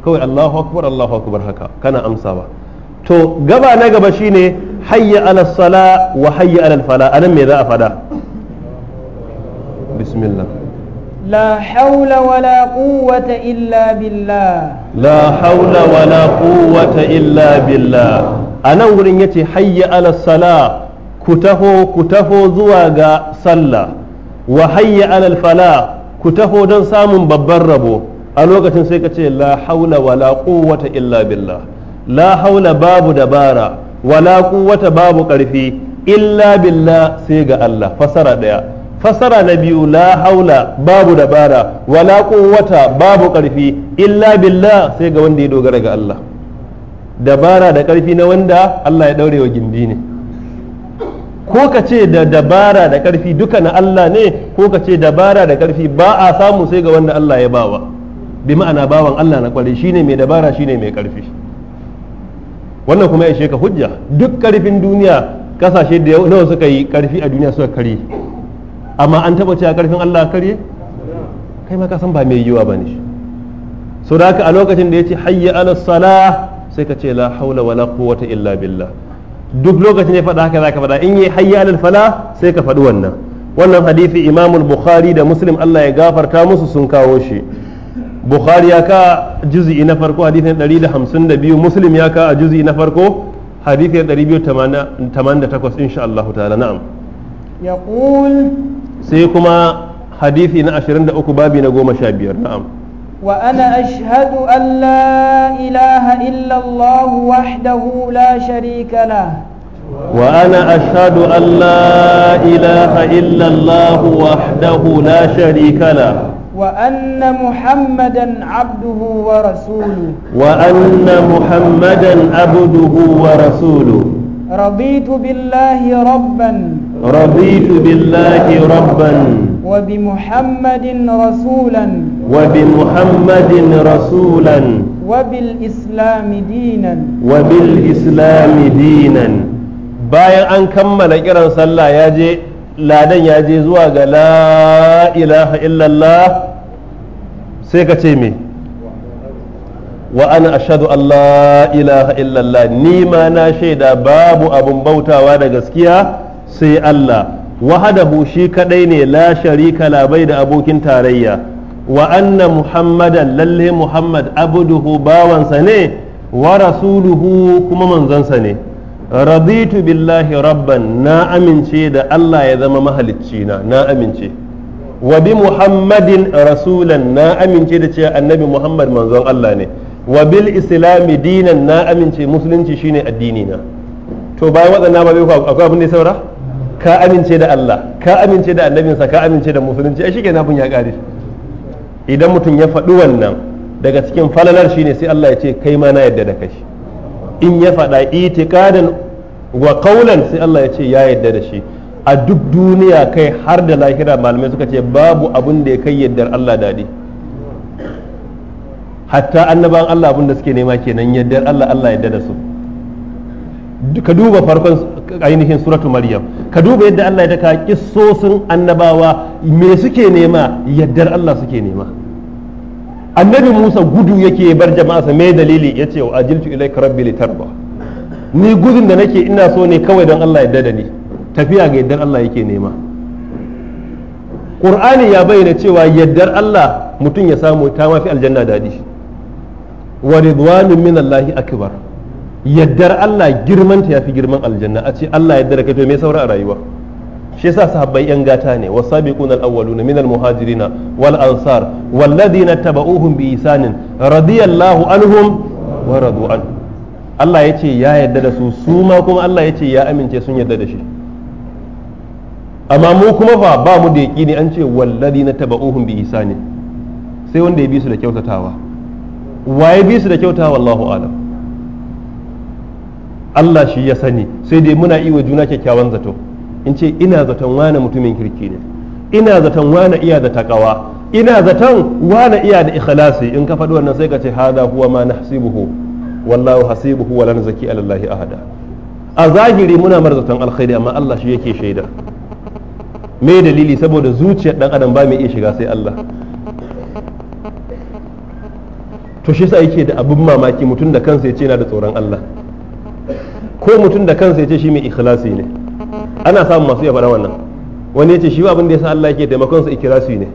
kawai Allahu akbar Allahu akbar haka kana amsawa to gaba na gaba shine hayya ala sala wa hayya ala fala anan me za a fada bismillah لا حول ولا قوة إلا بالله لا حول ولا قوة إلا بالله أنا ورين يتي حي على الصلاة كتهو كتهو زواغا صلى وحي على الفلاح كتهو دن سام ببربو ألوكة سيكتي لا حول ولا قوة إلا بالله لا حول باب دبارة ولا قوة باب قرفي إلا بالله سيغا الله فسر ديا fasara na biyu la haula babu dabara wala quwwata babu karfi illa billah sai ga wanda ya dogara ga Allah dabara da karfi na wanda Allah ya daure wa gindi ne ko ka ce da dabara da karfi duka na Allah ne ko ka ce dabara da karfi ba a samu sai ga wanda Allah ya bawa bi ma'ana bawan Allah na kwari shine mai dabara shine mai karfi wannan kuma ya ka hujja duk karfin duniya kasashe da nawa suka yi karfi a duniya suka kare amma an taba cewa karfin Allah karye kai ma ka san ba mai yiwa bane shi so da haka a lokacin da yace hayya ala salah sai ka ce la haula wala quwwata illa billah duk lokacin ya faɗa haka zaka faɗa in yi hayya ala falah sai ka faɗi wannan wannan hadisi Imam Bukhari da Muslim Allah ya gafarta musu sun kawo shi Bukhari ya ka juz'i na farko hadisin 152 Muslim ya ka a juz'i na farko hadisin 288 insha Allah ta'ala na'am yaqul sai kuma hadisi na 23 babi na 15 na'am wa ana ashhadu an la ilaha illa Allah wahdahu la sharika lahu وأنا أشهد أن لا إله إلا الله وحده لا شريك له وأن محمدا عبده ورسوله وأن محمدا عبده ورسوله رضيت بالله ربا رضيت بالله ربا وبمحمد رسولا وبمحمد رسولا وبالإسلام دينا وبالإسلام دينا bayan an kammala kiran sallah ya je ladan ya je zuwa ga la ilaha illallah sai ka ce me wa ana ashadu Allah ilaha illallah ni ma na shaida babu abun bautawa da gaskiya sai Allah wahadahu shi kadai ne la sharika labai da abokin tarayya wa anna muhammadan lalle muhammad abduhu bawansa ne wa rasuluhu kuma manzansa ne raditu billahi rabban na amince da Allah ya zama mahalicci na na amince wa bi muhammadin rasulan na amince da cewa annabi muhammad manzon Allah ne wa bil islami dinan na amince musulunci shine addini na to bayan waɗannan ba akwai abin da ya saura ka amince da Allah ka amince da annabinsa ka amince da musulunci ai shikenan abun ya kare idan mutum ya faɗi wannan daga cikin falalar shine sai Allah ya ce kai ma na yadda da kai in ya faɗa itiqadan wa qawlan sai Allah ya ce ya yadda da shi a duk duniya kai har da lahira malamai suka ce babu abun da ya kai yaddar Allah dadi hatta annaban Allah abun da suke nema kenan yaddar Allah Allah ya yadda da su ka duba farkon ainihin suratu maryam ka duba yadda Allah ya daka kissosin annabawa me suke nema yaddar Allah suke nema annabi Musa gudu yake bar jama'a sa me dalili yace wa ajiltu ilayka rabbi litarba ni gudun da nake ina so ne kawai don Allah ya da ni tafiya ga yaddar Allah yake nema Qur'ani ya bayyana cewa yaddar Allah mutum ya samu ta mafi aljanna dadi wa ridwanu min akbar yaddar Allah girmanta ya fi girman aljanna a ce Allah yaddar kai to me saura a rayuwa shi yasa sahabbai yan gata ne wasabiqun al-awwalun min al-muhajirin wal ansar walladhina tabauhum bi isanin radiyallahu anhum wa radu an Allah ya ce ya yadda da su su ma kuma Allah ya ce ya amince sun yadda da shi amma mu kuma fa ba mu da yaqini an ce walladhina tabauhum bi isanin sai wanda ya bi su da kyautatawa waye bi su da kyautawa wallahu alam Allah shi ya sani sai dai muna yi wa juna kyakkyawan zato in ce ina zaton wane mutumin kirki ne ina zaton wane iya da takawa ina zaton wane iya da ikhlasi in ka faɗi wannan sai ka ce hada huwa ma nahsibuhu wallahu hasibuhu wa lan zaki alallahi ahada a zahiri muna mar zaton alkhairi amma Allah shi yake shaida me dalili saboda zuciyar dan adam ba mai iya shiga sai Allah to shi sa yake da abin mamaki mutum da kansa ya ce yana da tsoron Allah ko mutum da kansa ya ce shi mai ikhlasi ne ana samun masu ya faɗa wannan wani ya ce shi abin da ya sa Allah yake taimakon sa ikhlasi ne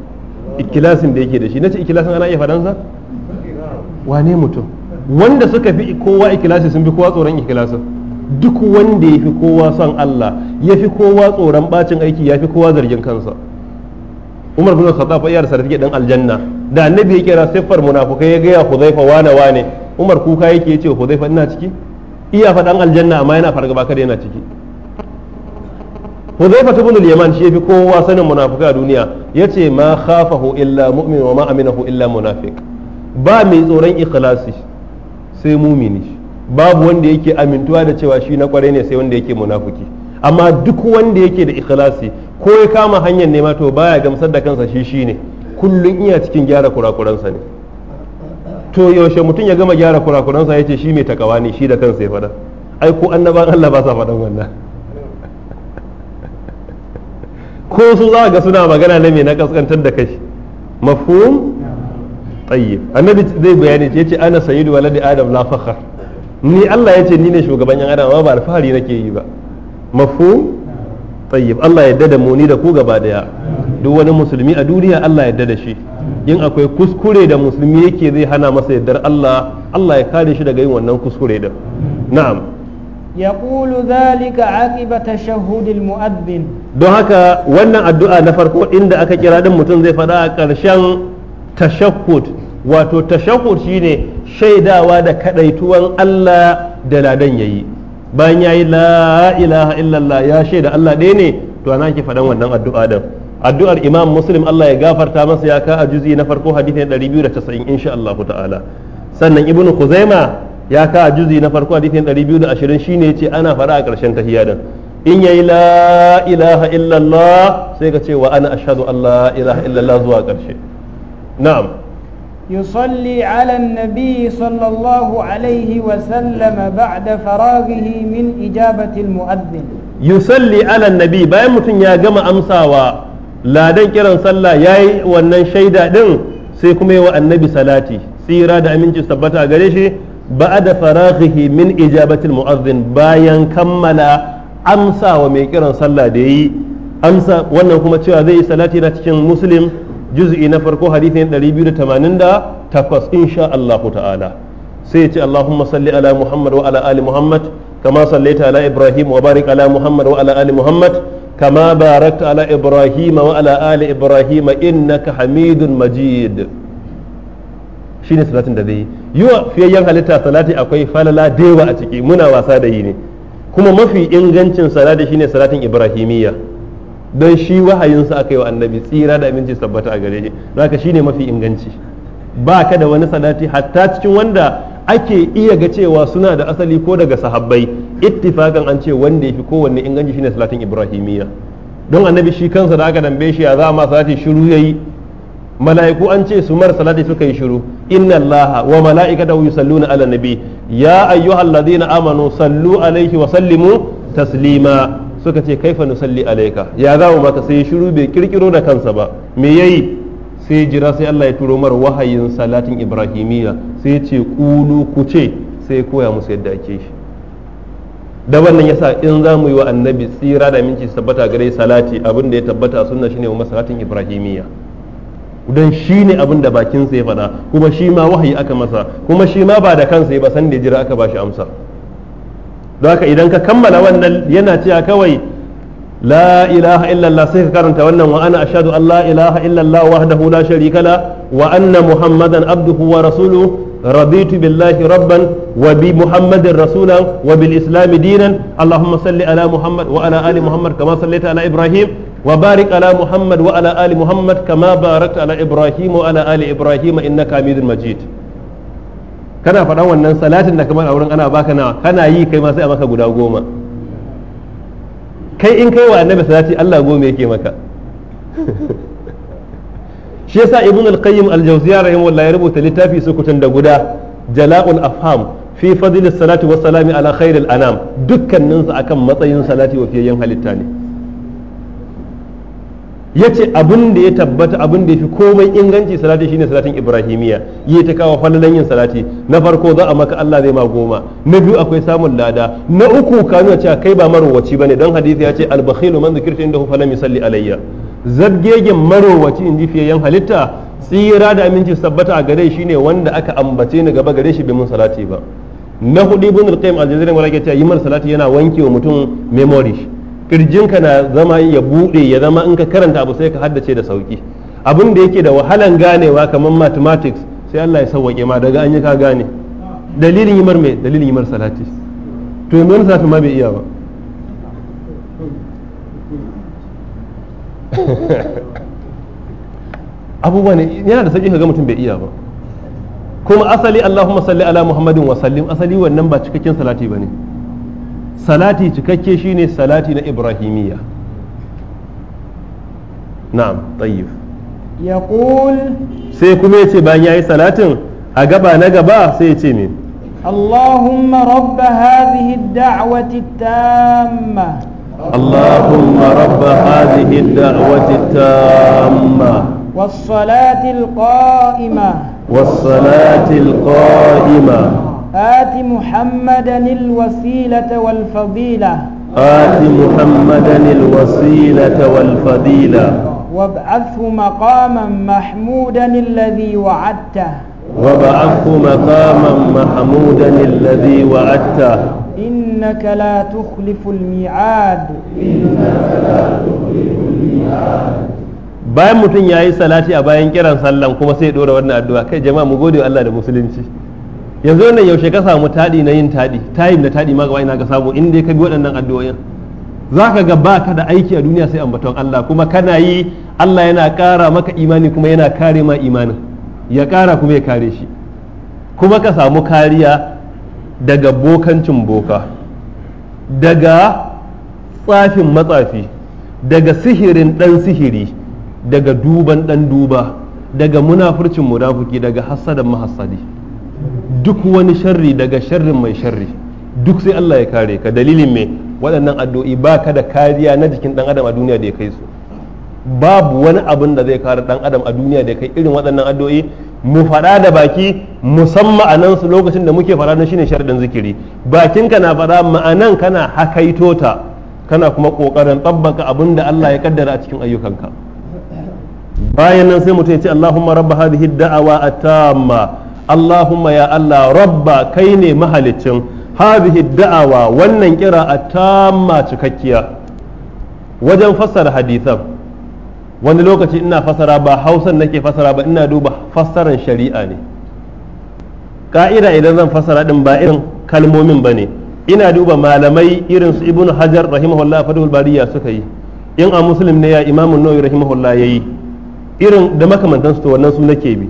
ikhlasin da yake da shi nace ikhlasin ana iya faɗansa wane mutum wanda suka fi kowa ikhlasi sun fi kowa tsoron ikhlasin duk wanda ya fi kowa son Allah ya fi kowa tsoron bacin aiki ya fi kowa zargin kansa Umar bin Khattab ya da sarfike dan aljanna da annabi ya kira siffar munafikai ya ga ya Hudhaifa wane wane Umar kuka yake ya ce Hudhaifa ina ciki iya faɗan aljanna amma yana fargaba da yana ciki Hudhaifa ibn al-Yaman shi yafi kowa sanin munafuki a duniya yace ma khafahu illa mu'min wa ma aminahu illa munafiq ba mai tsoron ikhlasi sai mumini babu wanda yake amintuwa da cewa shi na kware ne sai wanda yake munafiki amma duk wanda yake da ikhlasi ko ya kama hanyar nema to baya gamsar da kansa shi shine kullun iya cikin gyara kurakuransa ne to yaushe mutum ya gama gyara kurakuransa ya ce shi mai takawa ne shi da kansa ya fada ai ko annaban Allah ba sa fadan wannan (laughs) ko su za ga suna magana na mai na kaskantar da kashi mafhum tayyib annabi zai bayani ce yace ana sayyidu waladi adam la fakhar ni Allah yace ni ne shugaban yan adam amma ba alfahari nake yi ba mafhum tayyib Allah ya dada mu ni da ku gaba daya duk wani musulmi a duniya Allah ya da shi in akwai kuskure da musulmi yake zai hana masa yardar Allah Allah ya kare shi daga yin wannan kuskure da na'am يقول ذلك عقب تشهد المؤذن don haka wannan addu'a na farko inda aka kira din mutum zai faɗa a ƙarshen tashahhud wato tashahhud shine shaidawa da kadaituwan Allah da ladan yayi bayan yayi la ilaha illallah ya shaida Allah ɗaya ne to ana ki faɗan wannan addu'a da. addu'ar imam muslim Allah ya gafarta masa ya ka a juzi na farko hadisi na 290 insha Allah ta'ala sannan ibnu kuzaima ya ka a juzi na farko hadisi na 220 shine yace ana fara a karshen tahiyya din in yayi la ilaha illallah sai ka ce wa ana ashhadu an ilaha illallah zuwa ƙarshe na'am يصلي على النبي صلى الله عليه وسلم بعد فراغه من إجابة المؤذن يصلي على النبي متن يا ladan kiran sallah ya yi wannan shaida ɗin sai kuma yi wa annabi salati tsira da aminci tabbata a gare shi da faraghihi min ijabatil mu'azzin bayan kammala amsa wa mai kiran sallah da yi amsa wannan kuma cewa zai yi salati na cikin muslim juz'i na farko hadithi 288 insha Allah ta'ala sai ya ce Allahumma salli ala Muhammad wa ala ali Muhammad kama sallaita ala Ibrahim wa barik ala Muhammad wa ala ali Muhammad كما باركت على إبراهيم وعلى آل إبراهيم إنك حميد مجيد shine salatin da zai yi yi wa halitta salati akwai falala dewa a ciki muna wasa da yi ne kuma mafi ingancin salati shine salatin ibrahimiyya don shi wahayin aka yi wa annabi tsira da aminci sabbata a gare shi zaka shine mafi inganci ba ka da wani salati hatta cikin wanda ake iya ga cewa suna da asali ko daga sahabbai ittifakan an ce wanda yafi kowanne inganci shine salatin ibrahimiyya don annabi shi kansa da aka dambe shi ya za ma salati shiru yayi mala'iku an ce su mar salati suka yi shiru inna allaha wa mala'ikatahu yusalluna ala nabi ya ayyuhalladhina amanu sallu alaihi wa sallimu taslima suka ce kaifa nusalli alaika ya za mu maka sai shiru bai kirkiro da kansa ba me yayi sai jira sai Allah ya turo mar wahayin salatin ibrahimiyya sai ce kulu ku ce sai koya musu yadda ake shi da wannan yasa in za mu yi wa annabi tsira da minci tabbata gare salati abinda ya tabbata sunna shine wa salatin ibrahimiyya don shi ne abin da bakin sa ya faɗa kuma shi ma wahayi aka masa kuma shi ma ba da kansa ba san da jira aka bashi amsa don haka idan ka kammala wannan yana cewa kawai la ilaha illallah sai ka karanta wannan wa ana ashhadu an la ilaha illallah wahdahu la sharika la wa anna muhammadan abduhu wa rasuluhu raditu billahi rabban wa muhammadin rasulan wa islam dinan allahumma salli ala muhammad wa ala ali muhammad kama ala ibrahim وبارك على محمد وعلى آل محمد كما باركت على إبراهيم وعلى آل إبراهيم إنك حميد مجيد kana faɗan wannan salatin da kamar a wurin ana baka nawa kana yi kai ma sai maka guda goma kai in kai wa annabi salati Allah goma yake maka (laughs) shi yasa ibn al-qayyim al-jawziya rahimahullahi rubuta littafi sukutan da guda jala'ul afham fi fadlis salati was salami ala khairil anam dukkaninsu akan matsayin salati wa fiyayyen halitta ne ya ce abin da ya tabbata abin da ya fi komai inganci salati shine salatin ibrahimiya yi ta kawo falalan yin salati na farko za a maka Allah zai ma goma na biyu akwai samun lada na uku kanu cewa kai ba marowaci ne don hadisi ya ce albakhilu man zikirta inda hufa na yusalli alayya zabgegen marowaci in ji fiyayen halitta tsira da aminci sabbata a gare shi ne wanda aka ambace ni gaba gare shi bai mun salati ba na hudu ibn al-qayyim al-jazari wala ke yi mar salati yana wanke wa mutum memory kirjinka na zama ya buɗe ya zama in ka karanta abu sai ka haddace da sauki abin da yake da wahalan ganewa kamar mathematics sai Allah ya sauwaƙe ma daga an yi ka gane dalilin yimar mai dalilin yimar salati to yanzu wani salati ma bai iya ba (laughs) abubuwa ne yana da sauki ka ga mutum bai iya ba kuma asali Allahumma salli ala Muhammadin wa sallim asali wannan ba cikakken salati bane ne salati cikakke shine salati na ibrahimiyya na'am tayyib kul. sai kuma yace bayan yayi salatin a gaba na gaba sai yace me اللهم رب هذه الدعوة التامة اللهم رب هذه الدعوة التامة والصلاة القائمة والصلاة القائمة آت محمدا الوسيلة والفضيلة آت محمدا الوسيلة والفضيلة وابعثه مقاما محمودا الذي وعدته وابعثه مقاما محمودا الذي وعدته إنك لا تخلف الميعاد إنك لا تخلف الميعاد bayan mutum ya yi salati a bayan kiran sallan kuma sai ya ɗora wannan addu'a kai jama'a mu gode wa Allah da musulunci yanzu wannan yaushe ka samu taɗi na yin taɗi tayin da taɗi ma gaba ina ka samu in dai ka bi waɗannan addu'o'in za ka ga ba ka da aiki a duniya sai ambaton Allah kuma kana yi Allah yana kara maka imani kuma yana kare ma imanin ya kara kuma ya kare shi kuma ka samu kariya daga bokancin boka daga tsafin matsafi daga sihirin ɗan sihiri daga duban dan duba daga munafurcin munafuki daga hassadan mahassadi duk wani sharri daga sharrin mai sharri duk sai Allah ya kare ka dalilin mai waɗannan addu'i ba ka da kariya na jikin ɗan adam a duniya da ya kai su babu wani abin da zai kare ɗan adam a duniya da ya kai irin waɗannan addu'o'i mu faɗa da baki musamman a nan su lokacin da muke faɗa na shine sharɗin zikiri bakin ka na faɗa ma'anan kana hakaito ta kana kuma ƙoƙarin tabbaka abin da Allah ya kaddara a cikin ayyukanka bayan nan sai mutum ya ce Allahumma rabba hadhihi da'awa at-tamma Allahumma ya Allah rabba kai ne mahalicin hadhihi da'awa wannan kira a tama cikakkiya wajen fassara hadisan wani lokaci ina fassara ba hausan nake fassara ba ina duba fassaran shari'a ne ka'ida idan zan fassara din ba irin kalmomin ba ne ina duba malamai irin su ibnu hajar rahimahullah fadhul bariya suka yi in a muslim ne ya imamun nawawi rahimahullah yayi irin da makamantan su to wannan su nake bi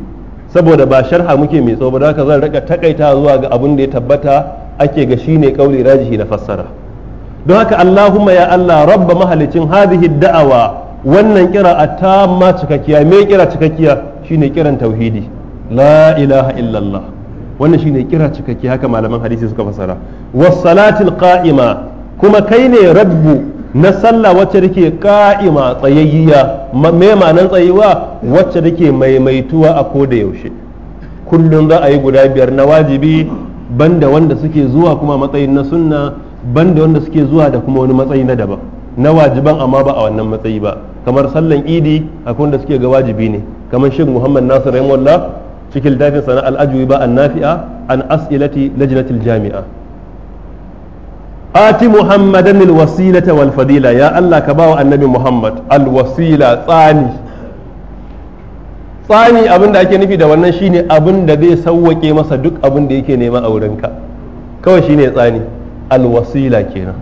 saboda ba sharha muke mai tsawo ba da haka zan rika takaita zuwa ga abin da ya tabbata ake ga shine kauli rajihi na fassara don haka Allahumma ya Allah rabba mahalicin hadhihi da'awa wannan kira atamma cikakkiya me kira cikakkiya shine kiran tauhidi la ilaha illallah wannan shine kira cikakkiya haka malaman hadisi suka fassara was salatil qa'ima kuma kai ne rabbu na sallah wacce take ka'ima tsayayya me ma'anan tsayuwa wacce take maimaituwa a ko da yaushe kullum za a yi guda biyar na wajibi banda wanda suke zuwa kuma matsayin na sunna banda wanda suke zuwa da kuma wani matsayi na daban na wajiban amma ba a wannan matsayi ba kamar sallan idi a wanda suke ga wajibi ne kamar shin muhammad nasir rahimahullah cikin dafin sana al-ajwi ba an nafi'a an as'ilati lajnatil jami'a ati muhammadan alwasilata walfadila ya Allah ka bawa annabi muhammad alwasila tsani tsani abin da ake nufi da wannan shine abin da zai sauwake masa duk abin da yake nema a wurinka kawai shine tsani alwasila kenan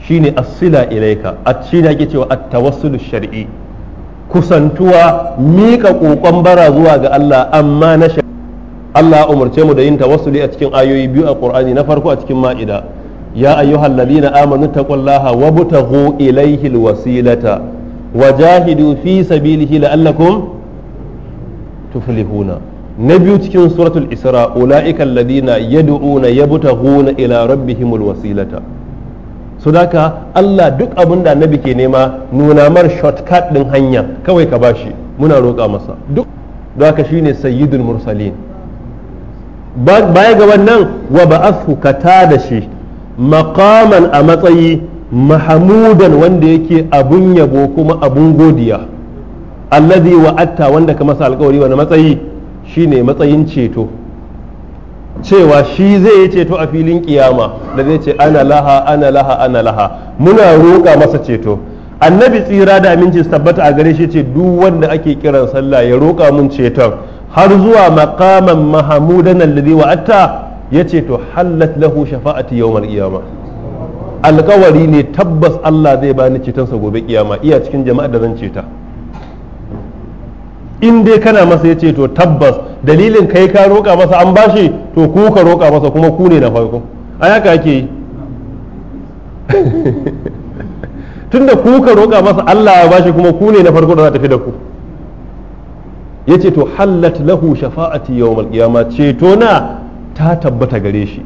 shine asila ilaika shine ake cewa at tawassul shar'i kusantuwa mika kokon bara zuwa ga Allah amma na Allah umurce mu da yin tawassuli a cikin ayoyi biyu a Qur'ani na farko a cikin Ma'ida يا أيها الذين آمنوا اتقوا الله وابتغوا إليه الوسيلة وجاهدوا في سبيله لعلكم تفلحون نبي تكون سورة الإسراء أولئك الذين يدعون يبتغون إلى ربهم الوسيلة سوداكا الله دك أبن دا نبي كينما نونا مر شوتكات دن هنيا كوي كباشي منا روك أمسا دك داكا شيني سيد المرسلين baya ga wannan wa ba'athu ka tada shi maqaman a matsayi mahamudan wanda yake abun yabo kuma abun godiya allazi wa'atta wanda ka masa alkawari wani matsayi shine matsayin ceto cewa shi zai yi ceto a filin kiyama da zai ce ana laha ana laha ana laha muna roƙa masa ceto annabi tsira da aminci tabbata a gare shi ce duk wanda ake kiran sallah ya roƙa mun ceton har zuwa maqaman mahamudan allazi wa'atta yace to hallat lahu shafa'ati yawmal qiyama alkawari ne tabbas Allah zai bani cetonsa gobe kiyama iya cikin jama'a da zan ceta in dai kana masa ya ce to tabbas dalilin kai ka roƙa masa an bashi to ku ka roƙa masa kuma ku ne na farko a yaka ake yi (laughs) tunda ku ka roƙa masa Allah ya bashi kuma ku ne na farko da za tafi da ku yace to hallat lahu shafa'ati yawmal qiyama ceto na ta tabbata gare shi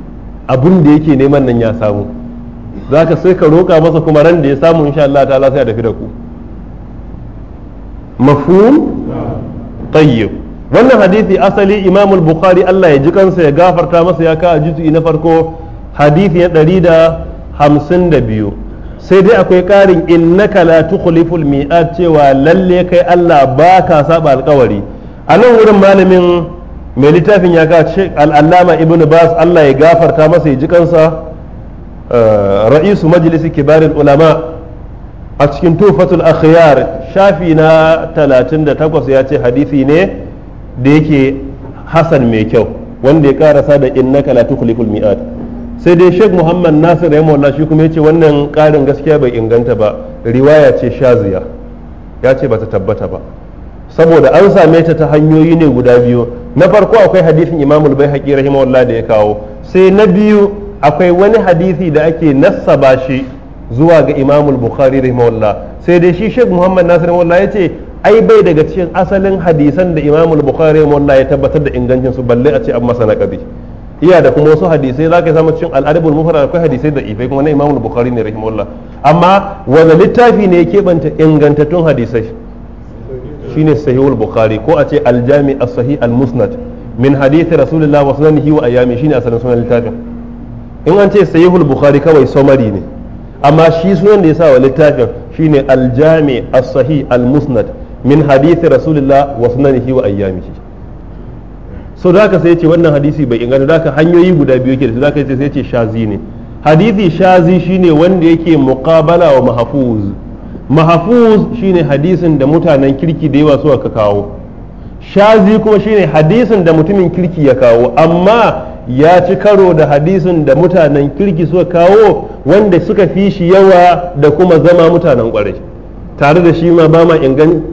abun da yake neman nan ya samu za ka sai ka roƙa masa kuma ran da ya samu insha Allah ta sai a tafi da ku mafhum tayyib wannan hadisi asali imam al-bukhari Allah ya ji kansa ya gafarta masa ya ka juz'i na farko hadisi na 152 sai dai akwai ƙarin innaka la tukhliful mi'at cewa lalle kai Allah baka saba alƙawari a nan wurin malamin mai littafin ya ga al'allama ibn bas allah ya gafarta masa ya ji kansa eh, ra'isu majalisi kibarin ulama a cikin tufatul akhyar shafi na 38 ya ce hadisi ne da yake hasan mai kyau wanda ya karasa da innaka la tukhliqul mi'ad sai dai Sheikh Muhammad Nasir rahimahullah shi kuma ce wannan karin gaskiya bai inganta ba riwaya ce shaziya ya ce ba ta tabbata ba saboda an same ta ta hanyoyi ne guda biyu na farko akwai hadisin imam al-baihaqi rahimahullah da ya kawo sai na biyu akwai wani hadisi da ake nassaba shi zuwa ga imam al-bukhari rahimahullah sai dai shi sheikh muhammad nasir rahimahullah ya ce ai bai daga cikin asalin hadisan da imam al-bukhari ya tabbatar da ingancin su balle a ce an masa naqabi iya da kuma wasu hadisai za ka samu cikin al'adabul mufrad akwai hadisai da ifai kuma na imam al-bukhari ne rahimahullah amma wani littafi ne ya keɓanta ingantattun hadisai shine sahihul bukhari ko a ce aljami as-sahih al-musnad min hadith rasulullah wa sunanihi wa ayami shine asalin sunan littafin in an ce sahihul bukhari kawai somari ne amma shi sunan da ya sa wa littafin shine aljami as-sahih al-musnad min hadith rasulullah wa sunanihi wa ayami so da haka sai ce wannan hadisi bai inganta da haka hanyoyi guda biyu ke da su haka sai ce shazi ne hadisi shazi shine wanda yake muqabala wa mahfuz mahafuz shine hadisin da mutanen kirki da yawa suka kawo shazi kuma shine hadisin da mutumin kirki ya kawo amma ya ci karo da hadisin da mutanen kirki suka kawo wanda suka fi shi yawa da kuma zama mutanen kwarai tare da shi ma ba ma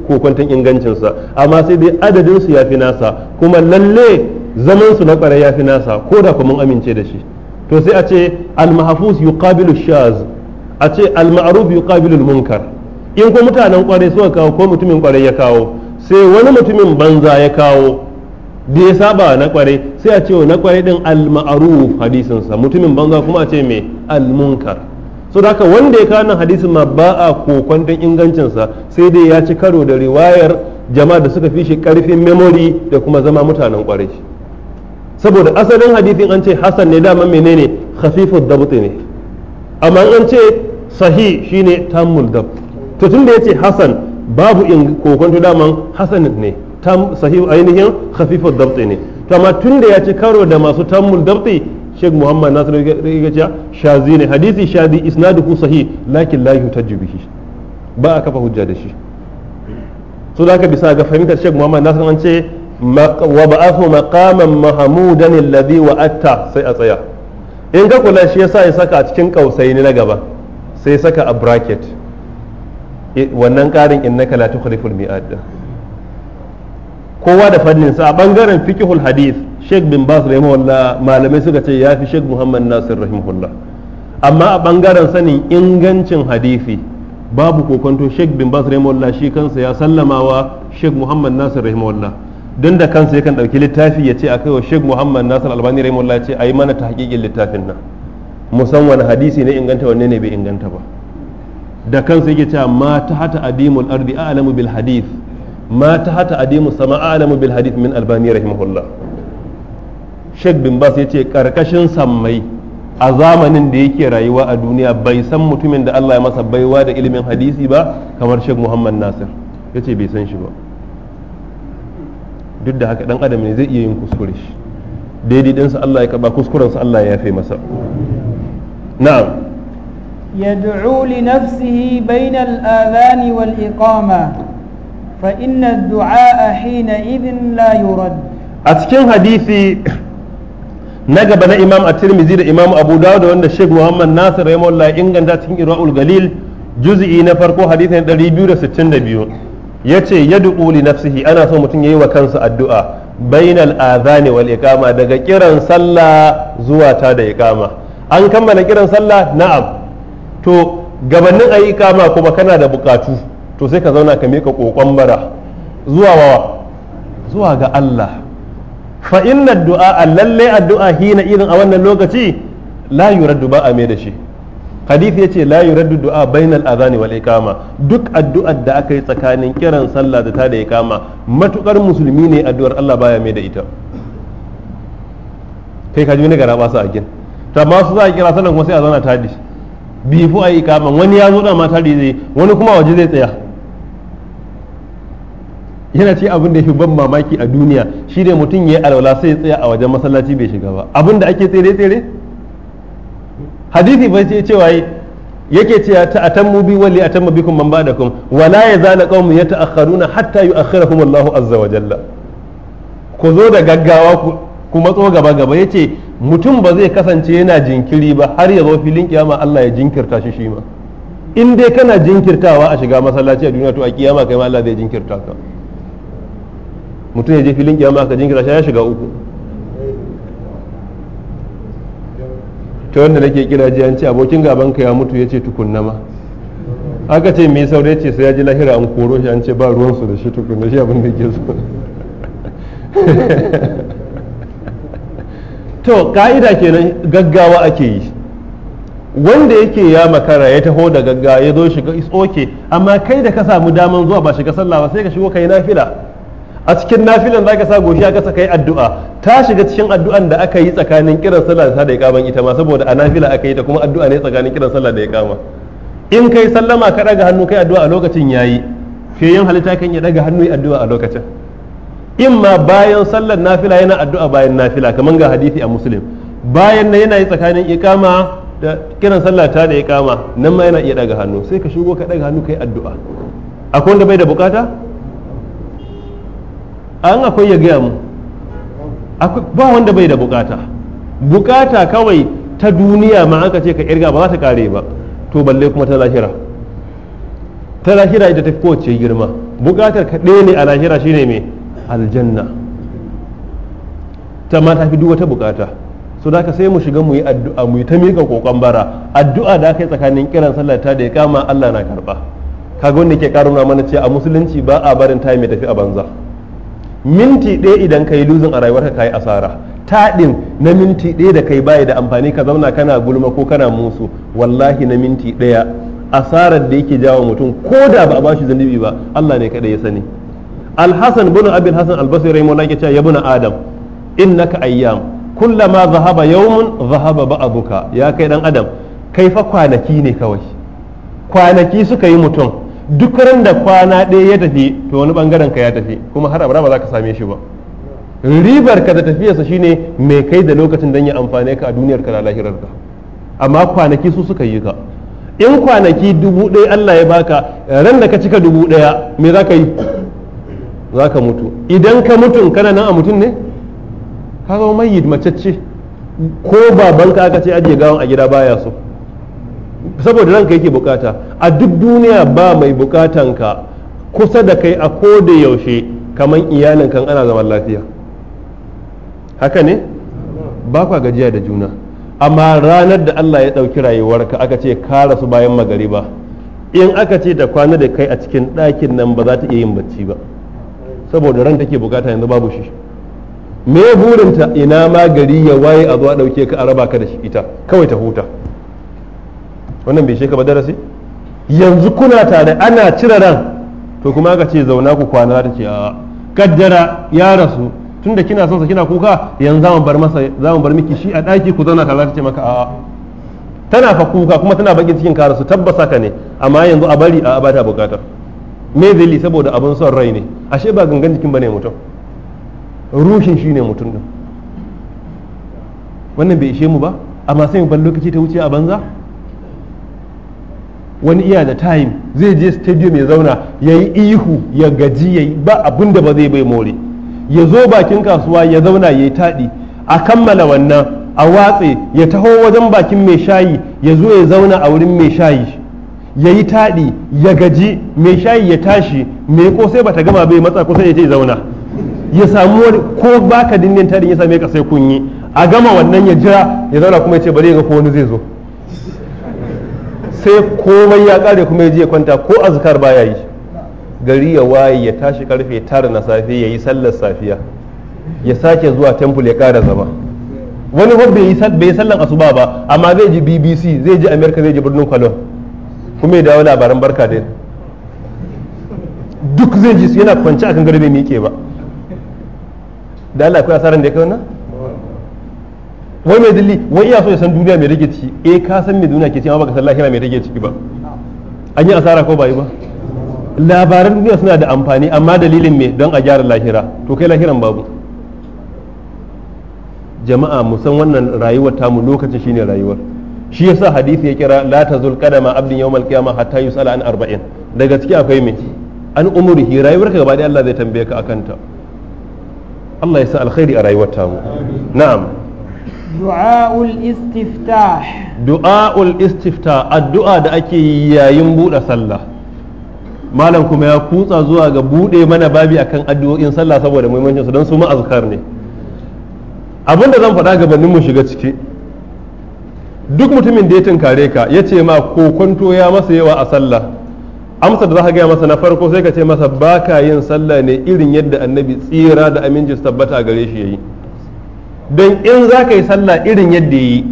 kokwanton ingancinsa amma sai dai adadinsu ya fi nasa kuma lalle zamansu na kwarai ya fi nasa ko da kuma amince da shi to sai a ce al-mahfuz yuqabilu shaz a ce al-ma'ruf yuqabilu al-munkar in ko mutanen kwarai suka kawo ko mutumin kwarai ya kawo sai wani mutumin banza ya kawo da ya saba na kwarai sai a ce na kwarai din al hadisinsa mutumin banza kuma a ce me al-munkar so haka wanda ya kawo hadisin ma ba a kokwanton ingancinsa sai dai ya ci karo da riwayar jama'a da suka fi shi karfin memori da kuma zama mutanen kwarai saboda asalin hadisin an ce hasan ne dama menene khafifud dabt ne amma an ce sahih shine tammul dabt to tun da yace hasan babu in kokonto daman hasan ne tam sahihu ainihin khafifud dabti ne to amma tun da yace karo da masu tammul dabti Sheikh Muhammad Nasir ya ce shazi ne hadisi shazi isnaduhu sahih lakin la yuhtajju bihi ba a kafa hujja da shi so da haka bisa ga fahimtar Sheikh Muhammad Nasir an ce wa ba'athu maqaman mahmudan alladhi wa'atta sai a tsaya in ga kula shi yasa ya saka a cikin kausai ne na gaba sai saka a bracket wannan ƙarin innaka la tukhliful mi'ad kowa da fannin sa a bangaren fiqhul hadith Sheikh bin Bas rahimahullah malamai suka ce yafi Sheikh Muhammad Nasir rahimahullah amma a bangaren sanin ingancin hadisi babu kokonto Sheikh bin Bas rahimahullah shi kansa ya sallamawa Sheikh Muhammad Nasir rahimahullah don da kansa yakan ɗauki littafi ya ce a kai wa Sheikh Muhammad Nasir Albani rahimahullah ya ce a yi mana tahqiqin littafin nan musamman hadisi ne inganta wanne ne bai inganta ba da kansa yake cewa ma ta hata adimul ardi a'lamu bil hadith ma ta hata adimu sama a'lamu bil hadith min albani rahimahullah Sheikh bin Bas yace karkashin sammai a zamanin da yake rayuwa a duniya bai san mutumin da Allah ya masa baiwa da ilimin hadisi ba kamar Sheikh Muhammad Nasir yace bai san shi ba duk da haka dan adam ne zai iya yin kuskure shi daidai ɗinsa Allah ya kaba kuskurensa Allah ya yafe masa na'am يدعو لنفسه بين الآذان والإقامة فإن الدعاء حينئذ لا يرد أتكين حديثي نجب أنا إمام الترمذي الإمام أبو داود وأن الشيخ محمد ناصر رحمه الله إن كان تاتين إراء القليل جزئي نفرقو حديث عند ريبيو ستين دبيو yace yad'u li nafsihi ana so mutum yayi wa kansa addu'a bainal adhani wal iqama daga kiran sallah zuwa ta da iqama an kammala kiran sallah na'am to gabanin ayi kama kuma kana da bukatu to sai ka zauna ka mika kokon bara zuwa wawa zuwa ga Allah fa inna du'a lalle addu'a hina irin a wannan lokaci la yuraddu ba a mai da shi hadith yace la yuraddu du'a bainal adhani wal iqama duk addu'a da aka yi tsakanin kiran sallah da ta da iqama matukar musulmi ne addu'ar Allah baya mai da ita kai ka ji ne garaba su a gin to amma su za a kira sallan kuma sai a zauna tadi bifu a kama wani ya zo da mata zai wani kuma waje zai tsaya yana ce abin da ya fi ban mamaki a duniya shi ne mutum ya yi alwala sai ya tsaya a wajen masallaci bai shiga ba abin da ake tsere tsere hadisi bai ce cewa yake ce ta atammu bi walli atamma bikum man ba'dakum wala ya qaumun yata'akhkharuna hatta yu'akhkhirahum Allahu azza wa jalla ku zo da gaggawa ku matso gaba gaba yace mutum ba zai kasance yana jinkiri ba har ya zo filin kiyama Allah ya jinkirta shi shi ma in dai kana jinkirtawa a shiga masallaci a duniya to a kiyama kai ma Allah zai jinkirta ka mutum ya je filin kiyama ka jinkirta shi ya shiga uku ta wanda nake kira ji an ce abokin gaban ka ya mutu ya ce tukunna ma aka ce me saurayi ce sai ya ji lahira an koro shi an ce ba ruwansu da shi tukunna shi abin da ke so (laughs) to ka'ida kenan gaggawa ake yi wanda yake ya makara ya taho da gaggawa ya zo shiga is okay amma kai da ka samu daman zuwa ba shiga sallah ba sai ka shigo kai nafila a cikin nafilan zaka sa goshi a kasa kai addu'a ta shiga cikin addu'an da aka yi tsakanin kiran sallah da da ikaman ita ma saboda a nafila aka yi ta kuma addu'a ne tsakanin kiran sallah da iqama in kai sallama ka daga hannu kai addu'a a lokacin yayi fiye yin halitta kan ya daga hannu yi addu'a a lokacin imma bayan sallar nafila yana addu'a bayan nafila kamar ga hadisi a muslim bayan nan yana yi tsakanin ikama da kiran sallah ta da ikama nan ma yana iya daga hannu sai ka shigo ka daga hannu kai addu'a akwai wanda bai da bukata an akwai ya gaya mu ba wanda bai da bukata bukata kawai ta duniya ma aka ce ka kirga ba za ta kare ba to balle kuma ta lahira ta lahira ita ta fi kowace girma bukatar ka ɗaya ne a lahira shine me aljanna ta ma tafi duk wata bukata so da sai mu shiga mu yi addu'a mu yi ta miƙa kokon bara addu'a da aka yi tsakanin kiran sallar ta da ya kama Allah na karba kaga wanda ke karuna mana cewa a musulunci ba a barin time ya tafi a banza minti ɗaya idan ka yi luzin a rayuwarka ka yi asara taɗin na minti ɗaya da kai baya da amfani ka zauna kana gulma ko kana musu wallahi na minti ɗaya asarar da yake jawo mutum ko da ba a bashi zunubi ba Allah ne kaɗai ya sani alhassan bin abin hasan albasri rahimahullah yake ya buna adam innaka ayyam kullama zahaba yawmun zahaba ba ba'abuka ya kai dan adam kai fa kwanaki ne kawai kwanaki suka yi mutum duk ran da kwana ɗaya ya tafi to wani bangaren ka ya tafi kuma har abada ba za ka same shi ba ribar ka da tafiyarsa shine mai kai da lokacin dan ya amfani ka a duniyar ka da ka amma kwanaki su suka yi ka in kwanaki dubu ɗaya Allah ya baka ran da ka cika dubu ɗaya me za ka yi za ka mutu idan ka mutu kana nan a mutum ne ka zama yi macacce ko babanka aka ce ajiye gawan a gida baya so saboda ranka yake bukata a duk duniya ba mai bukatan ka kusa da kai a ko da yaushe kamar iyalin kan ana zama lafiya haka ne ba kwa gajiya da juna amma ranar da Allah ya ɗauki rayuwarka aka ce ka rasu bayan magariba in aka ce da kwana da kai a cikin ɗakin nan ba za ta iya yin bacci ba saboda ran take bukata yanzu babu shi me burinta ina ma gari ya waye a zuwa dauke ka araba ka da shi ita kawai ta huta wannan bai sheka ba darasi yanzu kuna tare ana cire ran to kuma aka ce zauna ku kwana ta ce a kaddara ya rasu tunda kina son kina kuka yanzu za bar masa zamu bar miki shi a daki ku zauna kaza ta ce maka a'a tana fa kuka kuma tana bakin cikin ka rasu tabbasa ka ne amma yanzu a bari a bata bukatar me zai saboda abin son rai ne ashe ba gangan jikin bane mutum ruhin shine mutum din wannan bai ishe mu ba amma sai ban lokaci ta wuce a banza wani iya da time zai je stadium ya zauna ya yi ihu ya gaji ya yi ba abin da ba zai bai more ya zo bakin kasuwa ya zauna ya yi taɗi a kammala wannan a watse ya taho wajen bakin mai shayi ya zo ya zauna a wurin mai shayi ya yi taɗi ya gaji mai shayi ya tashi mai ba bata gama bai matsa kusa ya ce zauna ya samu wani ko baka dindin taɗi ya same ka sai kun a gama wannan ya jira ya zauna kuma ya ce bari ya ga ko wani zai zo sai komai ya kare kuma ya je kwanta ko azkar baya yi gari ya waye ya tashi karfe tara na safe ya yi sallar safiya ya sake zuwa temple ya ƙara zama wani bai yi sallar asuba ba amma zai ji bbc zai ji america zai ji birnin cologne kuma ya dawo labaran barka da duk zai ji su yana kwanci akan gari bai miƙe ba da Allah akwai asaran da ya kai wannan wai mai dalli wai iya so ya san duniya mai rage ciki eh ka san mai duniya ke ciki amma baka san lahira mai rage ciki ba an yi asara ko bai ba labaran duniya suna da amfani amma dalilin me don a gyara lahira to kai lahiran babu jama'a mu san wannan rayuwar tamu lokacin shine rayuwar shi yasa hadisi ya kira la tazul qadama abdin yawmal qiyamah hatta yusala an arba'in daga ciki akwai me an umurihi rayuwarka gaba da Allah zai tambaye ka akan ta Allah ya sa alkhairi a rayuwar ta mu na'am du'aul istiftah du'aul istiftah addu'a da ake yayin buɗe sallah malam kuma ya kutsa zuwa ga buɗe mana babi akan addu'o'in sallah saboda muhimmancin su don su ma azkar ne abinda zan faɗa gabanin mu shiga ciki duk mutumin da ya tunkare ka ya ce ma kwanto ya masa yawa a sallah amsa da za ka gaya masa na farko sai ka ce masa ba ka yin sallah ne irin yadda annabi tsira da aminci su tabbata a gare shi ya yi don in za ka yi sallah irin yadda ya yi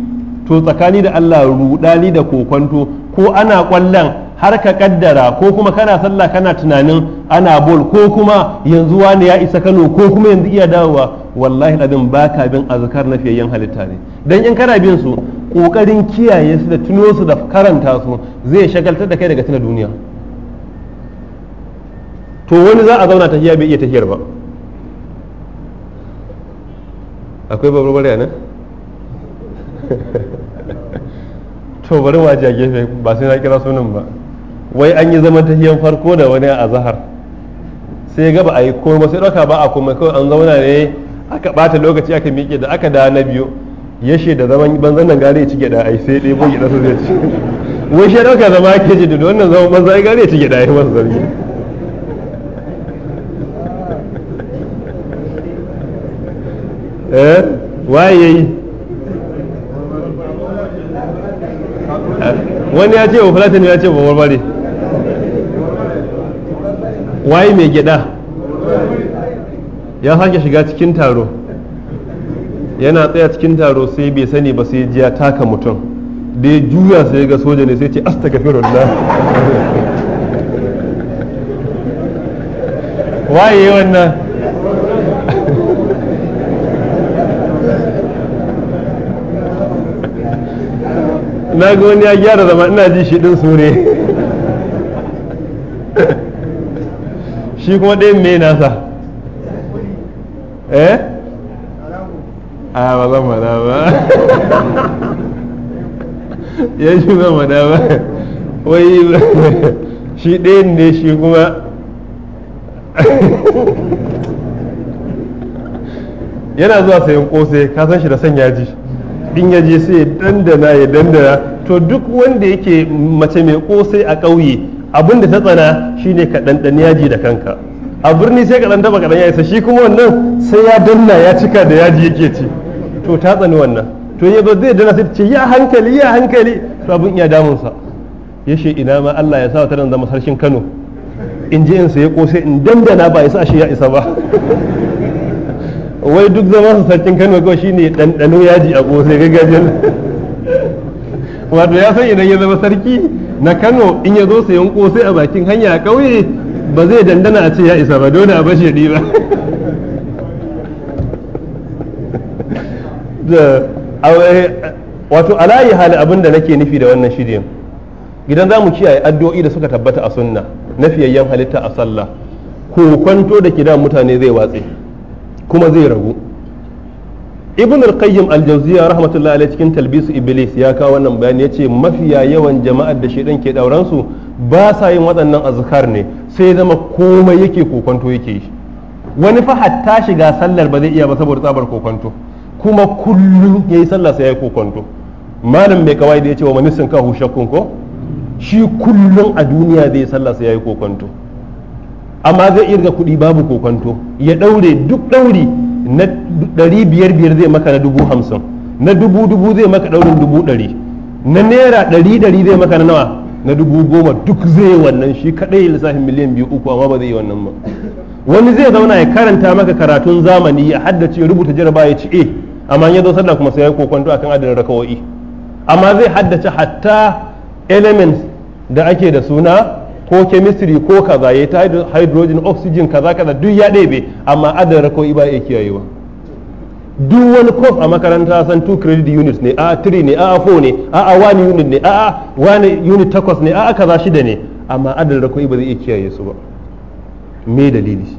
to tsakani da allah rudani da kokwanto ko ana kwallon har ka kaddara ko kuma kana sallah kana tunanin ana bol ko kuma yanzu wani ya isa kano ko kuma yanzu iya dawowa wallahi ladin baka bin azkar na fiyayyen halitta ne dan in kana bin su ƙoƙarin kiyaye su da tuno su da karanta su zai shagaltar da kai daga tuna duniya to wani za a zauna tafiya bai iya tahiyar ba akwai babbar bariya ne (laughs) to bari waje a gefe ba sai na kira sunan ba wai an yi zaman tafiyan farko da wani a zahar sai gaba a yi komai sai ɗauka ba a komai kawai an zauna ne aka ɓata lokaci aka miƙe da aka da na biyu ya shaida zaman banzan nan gare ya ci gyada ai sai ɗebo gyada su zai ci wai shi ɗauka zama ake ji da wannan zaman banzan ai gare ya ci gyada ai masa zargi (laughs) eh waye yi wani ya ce wa fulatin ya ce ba warware waye mai gyada ya sake shiga cikin taro yana tsaya cikin taro sai bai sani ba sai ji ya taka mutum da ya juya sai ga soja ne sai ce astaghfirullah waye wannan (laughs) na ga wani ya gyara zama ina ji shi din sure (laughs) shi kuma ɗayan mai nasa eh ya shi zan ba wai shi ɗayan ne shi kuma yana zuwa sayan kosai ka san shi da son yaji in yaje sai ya dandana ya dandana to duk wanda yake mace mai kosai a ƙauye abin da ta tsana shine ka ɗanɗan yaji da kanka a birni sai ka ɗan taba ka ɗan yaji shi kuma wannan sai ya danna ya cika da yaji yake ci to ta tsani wannan to ya zai dana sai ce ya hankali ya hankali to abin iya damunsa ya ce ina ma Allah ya sa ta zama sarshin Kano in je in saye kosai in dandana ba ya sa shi ya isa ba (laughs) wai duk zama su sarkin Kano shi shine ɗanɗano yaji a kosai gaggajen (laughs) wato ya san idan ya zama sarki na Kano in ya zo sayan kosai a bakin hanya a ƙauye ba zai dandana a ce ya isa ba dole a bashi ya ba (laughs) wato alayi hali abin da nake nufi da wannan shirin gidan za mu kiyaye addu'o'i da suka tabbata a sunna na fiyayyen halitta a sallah ko kwanto da kida mutane zai watse kuma zai ragu ibn al-qayyim al-jawziya rahmatullahi alayhi cikin talbisu iblis ya kawo wannan bayani yace mafiya yawan jama'ar da shedan ke dauran su ba sa yin waɗannan azkar ne sai zama komai yake kokonto yake yi wani fa hatta shiga sallar ba zai iya ba saboda tsabar kokonto kuma kullum ya yi sallah sai ya kokonto malam mai kawai da ya ce wa manisin kahu shakkun ko shi kullum a duniya zai sallah sai ya yi kokonto amma zai irga kuɗi babu kokonto ya ɗaure duk ɗauri na ɗari biyar biyar zai maka na dubu hamsin na dubu dubu zai maka ɗaurin dubu ɗari na naira ɗari ɗari zai maka na nawa na dubu goma duk zai wannan shi kaɗai ya lissafin miliyan biyu uku amma ba zai yi wannan ba wani zai zauna ya karanta maka karatun zamani ya haddace rubuta jaraba ya ci eh amma ya zo sallah kuma sai ya kokonto akan adadin rakawoyi amma zai haddace hatta elements da ake da suna ko chemistry ko kaza ya ta hydrogen oxygen kaza kaza duk ya ɗebe amma adadin rakawoyi ba ya kiyayewa duk wani kof a makaranta san 2 credit units ne a 3 ne a 4 ne a a 1 unit ne a a 1 unit takwas ne a a kaza shida ne amma adadin rakawoyi ba zai iya kiyaye su ba me dalili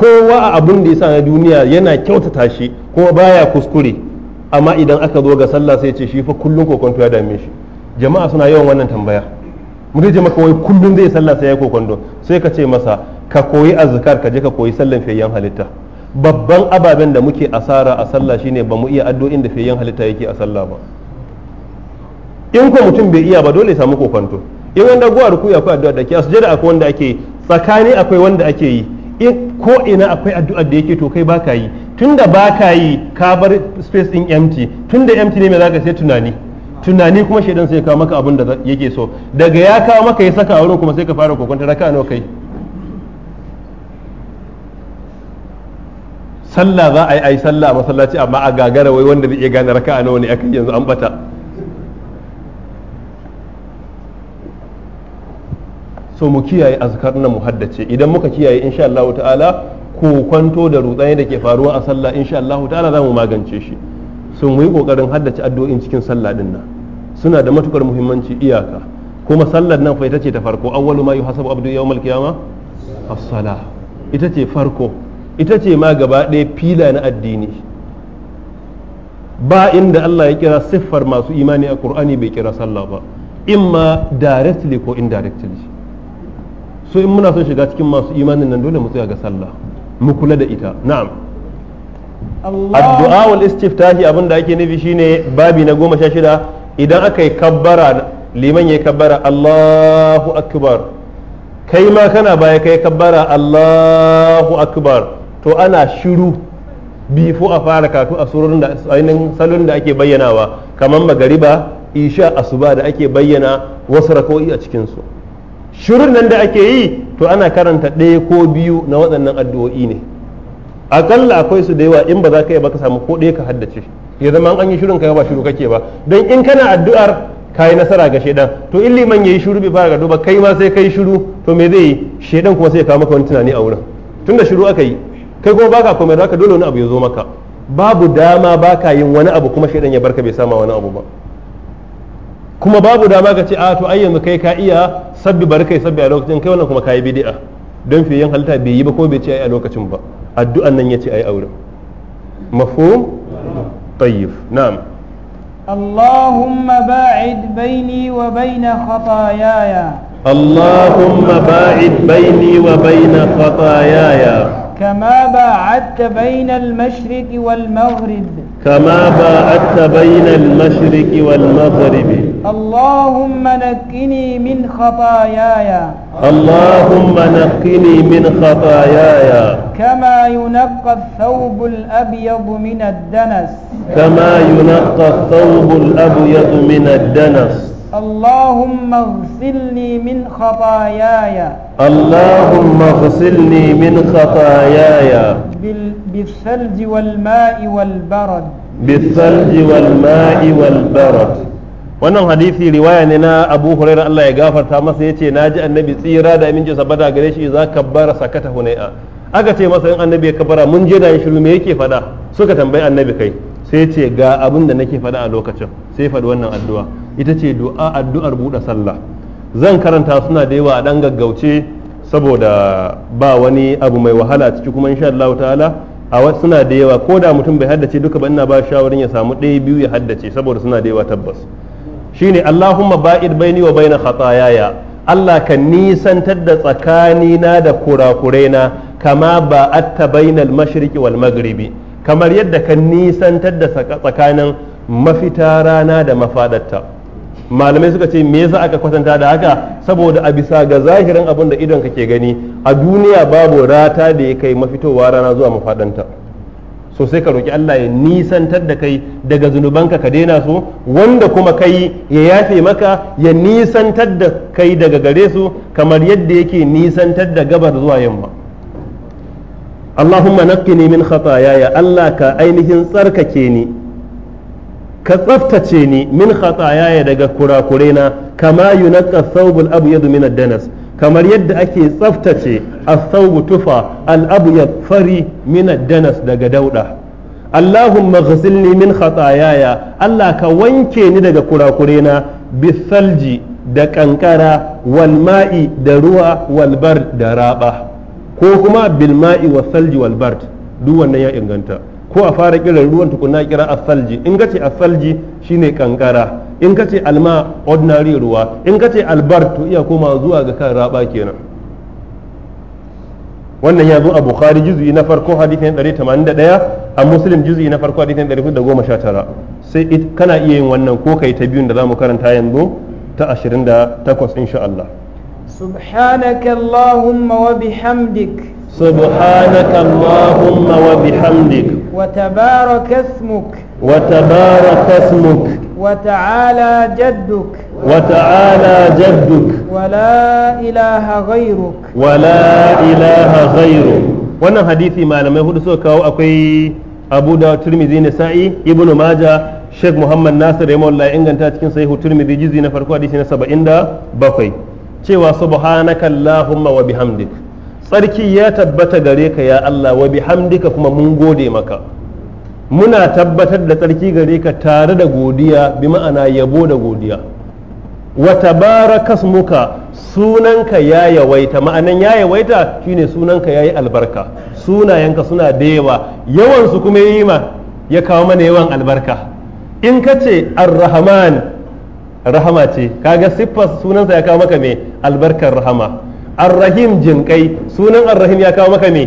kowa a abin da ya sa na duniya yana kyautata shi kuma baya kuskure amma idan aka zo ga sallah sai ce shi fa kullun kokonto ya dame shi jama'a suna yawan wannan tambaya mutum ce maka wai kullun zai sallah sai ya kokonto sai ka ce masa ka koyi azkar ka je ka koyi sallan fiyayyen halitta babban ababen da muke asara a sallah shine ba mu iya addu'o'in da fiyayyen halitta yake a sallah ba in ko mutum bai iya ba dole ya samu kokonto in wanda guwa ruku akwai addu'a da ke a sujada akwai wanda ake tsakani akwai wanda ake yi ko ina akwai addu'ar da yake to kai baka yi tunda baka yi ka bar space din empty tunda empty ne me zaka sai tunani tunani kuma shaidan sai kawo maka abin da yake so daga ya kawo maka ya saka a wurin kuma sai ka fara kokonta raka nawa kai sallah za a yi ai sallah masallaci amma a gagara wai wanda zai iya gane raka'a nawa ne akai yanzu an bata so mu kiyaye azkar na mu haddace idan muka kiyaye insha Allah ta'ala ko kwanto da rutsani da ke faruwa a sallah insha Allah ta'ala za mu magance shi so mu yi kokarin haddace addu'o'in cikin sallah din nan suna da matukar muhimmanci iyaka kuma sallar nan fa ita ce ta farko awwalu ma yuhasabu abdu yawmal qiyama as-salah ita ce farko ita ce ma gaba ɗaya fila na addini ba inda Allah ya kira siffar masu imani a Qur'ani bai kira sallah ba imma directly ko indirectly so in muna son shiga cikin masu imanin nan dole mu tsaya ga sallah mu kula da ita na'am addu'a wal istiftahi abin da ake nufi shine babi na goma sha shida idan aka yi kabbara liman yayi kabbara Allahu akbar kai ma kana baya kai kabbara Allahu akbar to ana shiru bifo a fara katu a surorin da ainihin salon da ake bayyanawa kamar magariba isha asuba da ake bayyana wasu rako'i a cikin su. shirin nan da ake yi to ana karanta ɗaya ko biyu na waɗannan addu'o'i ne akalla akwai su da yawa in ba za ka yi ba ka samu ko ɗaya ka haddace ya zama an yi shirin ka ba shiru kake ba don in kana addu'ar ka yi nasara ga shaidan to in liman ya yi shiru bai fara ga ba kai ma sai kai shiru to me zai yi shaidan kuma sai ya kawo maka wani tunani a wurin tunda shiru aka yi kai kuma baka komai ka dole wani abu ya zo maka babu dama baka yin wani abu kuma shaidan ya barka bai sama wani abu ba kuma babu dama ka ce a to ai yanzu kai ka iya sabbi bari kai sabbi a lokacin kai wannan kuma kayi bid'a don fiyen halitta bai yi ba ko bai ce ai a lokacin ba addu'an nan yace ai auren mafhum tayyib na'am اللهم باعد بيني وبين خطاياي اللهم باعد بيني وبين خطاياي كما باعدت بين المشرق والمغرب كما باعدت بين المشرق والمغرب اللهم نقني من خطاياي اللهم نقني من خطاياي كما ينقى الثوب الأبيض من الدنس كما ينقى الثوب الأبيض من الدنس اللهم اغسلني من خطاياي اللهم اغسلني من خطاياي بالثلج والماء والبرد بالثلج والماء والبرد wannan hadisi riwaya ne na abu huraira Allah ya gafarta masa ya ce na ji annabi tsira da aminci bada gare shi za ka bara sakata hunai'a aka ce masa in annabi ya kabara mun je da shiru me yake fada suka tambayi annabi kai sai ce ga abin da nake fada a lokacin sai faɗi wannan addu'a ita ce du'a addu'ar buɗe sallah zan karanta suna da yawa a ɗan gaggauce saboda ba wani abu mai wahala ciki kuma insha Allah ta'ala a wasu suna da yawa ko da mutum bai haddace duka ba ina ba shawarin ya samu ɗaya biyu ya haddace saboda suna da yawa tabbas shine Allahumma ba'id baini wa baina yaya Allah ka nisantar da tsakanina da kurakuraina kama ba ta bainal mashriqi wal maghribi kamar yadda ka nisantar da tsakanin mafita rana da mafadatta malamai suka ce me yasa aka kwatanta da haka saboda a bisa ga zahirin abin da idon ka ke gani a duniya babu rata da ya kai mafitowa rana zuwa mafadanta so sai ka roki Allah ya nisantar da kai daga zunubanka ka daina su wanda kuma kai ya yafe maka ya nisantar da kai daga gare su kamar yadda yake nisantar da gabar zuwa yamma Allahumma naqqini min khataayaya Allah ka ainihin tsarkake ni ka tsaftace ni min khataayaya daga kurakure na kama yunaqqa thawbul abyad min ad-danas kamar yadda ake tsaftace a sawbu tufa al'abu ya fari mina danas daga dauda Allahumma ghasilni min yaya Allah ka wanke ni daga kurakurena bisalji da kankara wal ma'i da ruwa wal bard da raba ko kuma bil ma'i wa salji wal bard duk ya inganta ko a fara kiran ruwan tukuna kira asalji salji in gace a salji shine kankara in ka ce alma ordinary ruwa in ka ce albar to iya koma zuwa ga kan raba kenan wannan ya zo a bukhari juz'i na farko hadithin 181 a muslim juz'i na farko hadithin 119 sai kana iya yin wannan ko kai ta biyun da za mu karanta yanzu ta 28 insha Allah سبحانك اللهم وبحمدك سبحانك اللهم وبحمدك وتبارك اسمك وتبارك اسمك وتعالى جدك وتعالى جدك ولا إله غيرك ولا إله غيرك wannan hadisi malamai hudu suka kawo akwai abu da turmizi na sa'i ibnu maja sheikh muhammad nasir ya maula inganta cikin sahihu turmizi jizi na farko hadisi na saba'in da bakwai cewa subhanaka allahumma wa bihamdik tsarki ya tabbata gare ka ya allah wa bihamdika kuma mun gode maka muna tabbatar da tsarki gare ka tare da godiya bi ma'ana yabo da godiya wa muka sunanka ya yawaita ma'anan ya yawaita shine sunanka ya yi albarka sunayenka suna da yawa yawansu kuma yi ma ya kawo mana yawan albarka in ka ce arrahman rahama ce kaga siffar sunansa ya kawo maka me albarkar rahama arrahim jinkai sunan arrahim ya kawo maka mai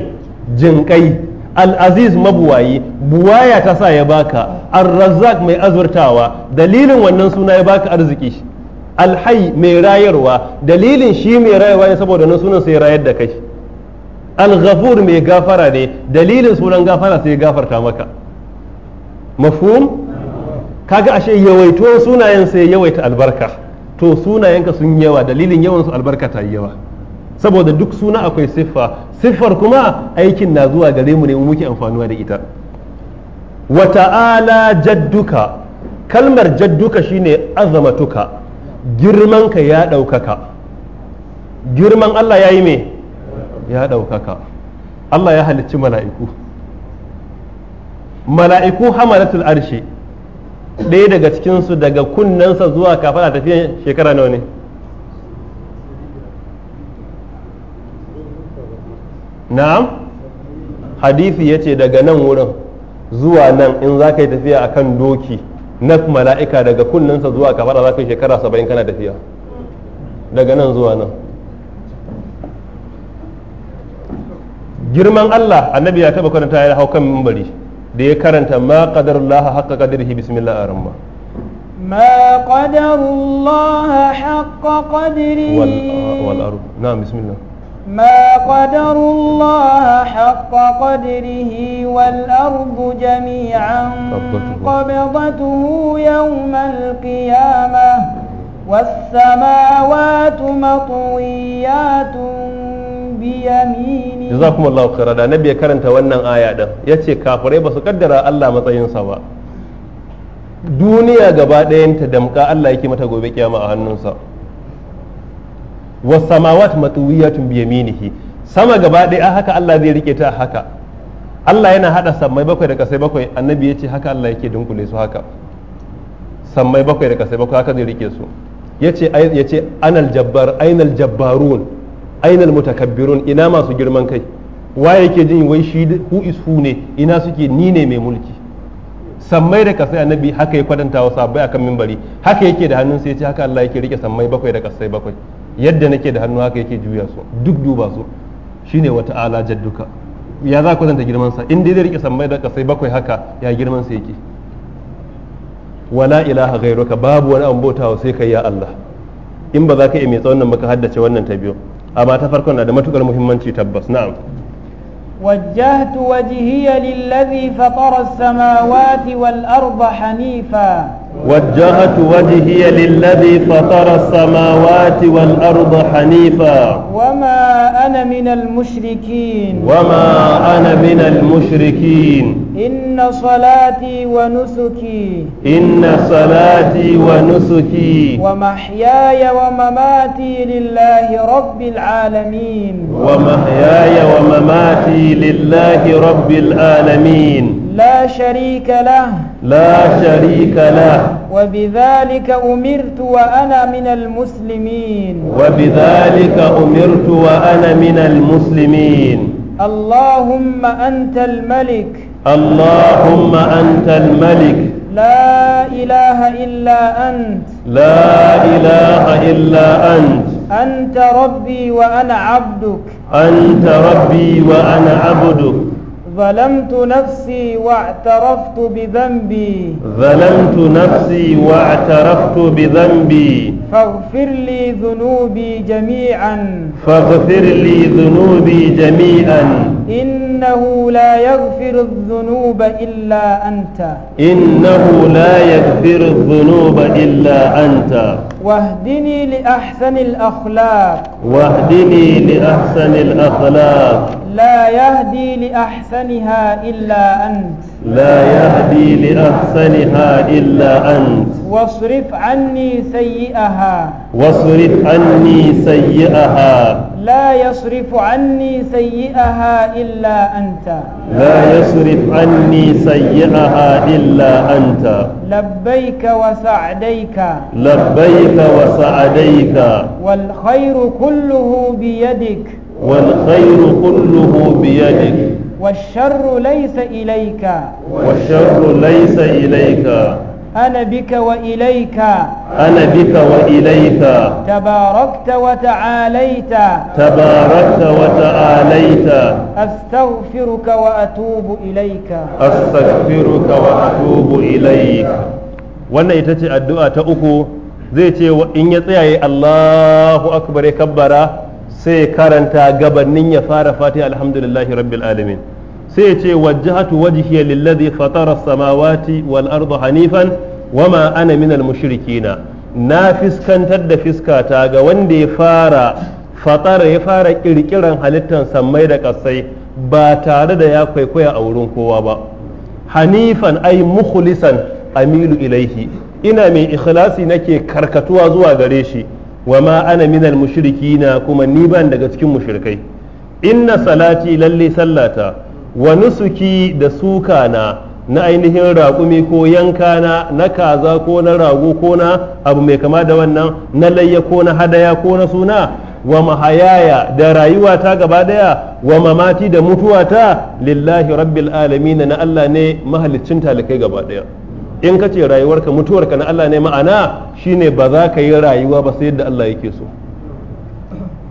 jinkai al'aziz mabuwayi buwaya ta sa ya baka ar-razzaq mai azurtawa dalilin wannan suna ya baka arziki al-hayy mai rayarwa dalilin shi mai rayarwa ne saboda nan sunan sai rayar da kai al mai gafara ne dalilin sunan gafara sai gafarta maka mafhum kaga ashe yawaito sunayen sai yawaita albarka to sunayenka sun yawa dalilin yawan su albarka ta yawa saboda duk suna akwai siffa siffar kuma aikin na zuwa gare mu ne mu muke amfanuwa da ita wa ta'ala jadduka kalmar jadduka shine azamatuka girmanka ya ɗaukaka girman Allah ya yi me ya ɗaukaka Allah ya halicci mala'iku mala'iku hamalatul arshi ɗaya daga cikinsu daga kunnensa zuwa a tafiyan shekara nawa ne na'am hadisi ce daga nan wurin zuwa nan in za ka yi tafiya a kan doki na mala'ika daga kunninsa zuwa kafara za ka yi shekara saba'in kana tafiya daga nan zuwa nan girman Allah annabi ya taba karanta ya hau kan mimbari da ya karanta ma haka kadar qadrihi bismillah arrahman ma allah haka qadrihi wal na na'am bismillah ما قدروا الله حق قدره والأرض جميعا قبضته يوم القيامة والسماوات مطويات biyamini jazakum Allahu khaira da nabi ya karanta wannan aya din yace kafirai ba su kaddara Allah sa ba duniya gaba ɗayanta damka Allah yake mata gobe kiyama a hannunsa wasamawat samawat biyaminihi sama gaba ɗaya haka Allah zai rike ta haka Allah yana hada sammai bakwai da kasai bakwai annabi ya ce haka Allah yake dunkule su haka sammai bakwai da kasai bakwai haka zai rike su yace yace anal jabbar ainal jabbarun ainal mutakabbirun ina masu girman kai waye yake jin wai shi who is who ne ina suke ni ne mai mulki sammai da kasai annabi haka ya kwatanta wa sabbai akan mimbari haka yake da hannun sai ya ce haka Allah yake rike sammai bakwai da kasai bakwai yadda nake da hannu haka yake juya su duk duba su shine wata ala jadduka ya za ku zanta girman sa in dai zai rike sammai da kasai bakwai haka ya girman sa yake wala ilaha ghairuka babu wani abin bautawa sai kai ya Allah in ba za ka iya mai tsawon nan muka haddace wannan ta biyu amma ta farkon na da matukar muhimmanci tabbas na'am وجهت وجهي للذي فطر السماوات والأرض حنيفا وجهت وجهي للذي فطر السماوات والأرض حنيفا وما أنا من المشركين وما أنا من المشركين إن صلاتي ونسكي إن صلاتي ونسكي ومحياي ومماتي لله رب العالمين ومحياي ومماتي لله رب العالمين لا شريك له لا شريك له وبذلك أمرت وأنا من المسلمين وبذلك أمرت وأنا من المسلمين اللهم أنت الملك اللهم أنت الملك لا إله إلا أنت لا إله إلا أنت أنت ربي وأنا عبدك أنت ربي وأنا عبدك ظلمت نفسي واعترفت بذنبي ظلمت نفسي واعترفت بذنبي فاغفر لي ذنوبي جميعا فاغفر لي ذنوبي جميعا إن إنه لا يغفر الذنوب إلا أنت إنه لا يغفر الذنوب إلا أنت واهدني لأحسن الأخلاق واهدني لأحسن الأخلاق لا يهدي لأحسنها إلا أنت لا يهدي لأحسنها إلا أنت واصرف عني سيئها واصرف عني سيئها لا يصرف عني سيئها إلا أنت لا يصرف عني سيئها إلا أنت لبيك وسعديك لبيك وسعديك والخير كله بيدك والخير كله بيدك والشر ليس إليك والشر ليس إليك أنا بك وإليك أنا بك وإليك تباركت وتعاليت تباركت وتعاليت أستغفرك وأتوب إليك أستغفرك وأتوب إليك wannan ita ce addu'a ta uku zai ce in ya tsayaye Allahu akbar ya kabbara sai karanta gabanin ya fara Fati alhamdulillahi rabbil alamin sai ya ce wajjahatu wajhiya lillazi fatara samawati wal arda hanifan wama ana minal mushrikina na fiskantar da fiskata ga wanda ya fara fatara ya fara kirkiran halittar sammai da kasai ba tare da ya kwaikwaya a wurin kowa ba hanifan ai mukhlisan amilu ilaihi ina mai ikhlasi nake karkatuwa zuwa gare shi wa ma ana minal mushrikina kuma ni ban daga cikin mushrikai inna salati lalle sallata wa nusuki da suka na na ainihin raƙumi ko yanka na na kaza ko na rago ko na abu mai kama da wannan na layya ko na hadaya ko na suna wa mahayaya da rayuwata gaba daya wa mamati da mutuwata lillahi rabbil alamin na Allah ne mahalicin talakai gaba daya in ka ce rayuwarka mutuwarka na Allah ne ma'ana shine ba za ka yi rayuwa ba sai yadda Allah yake so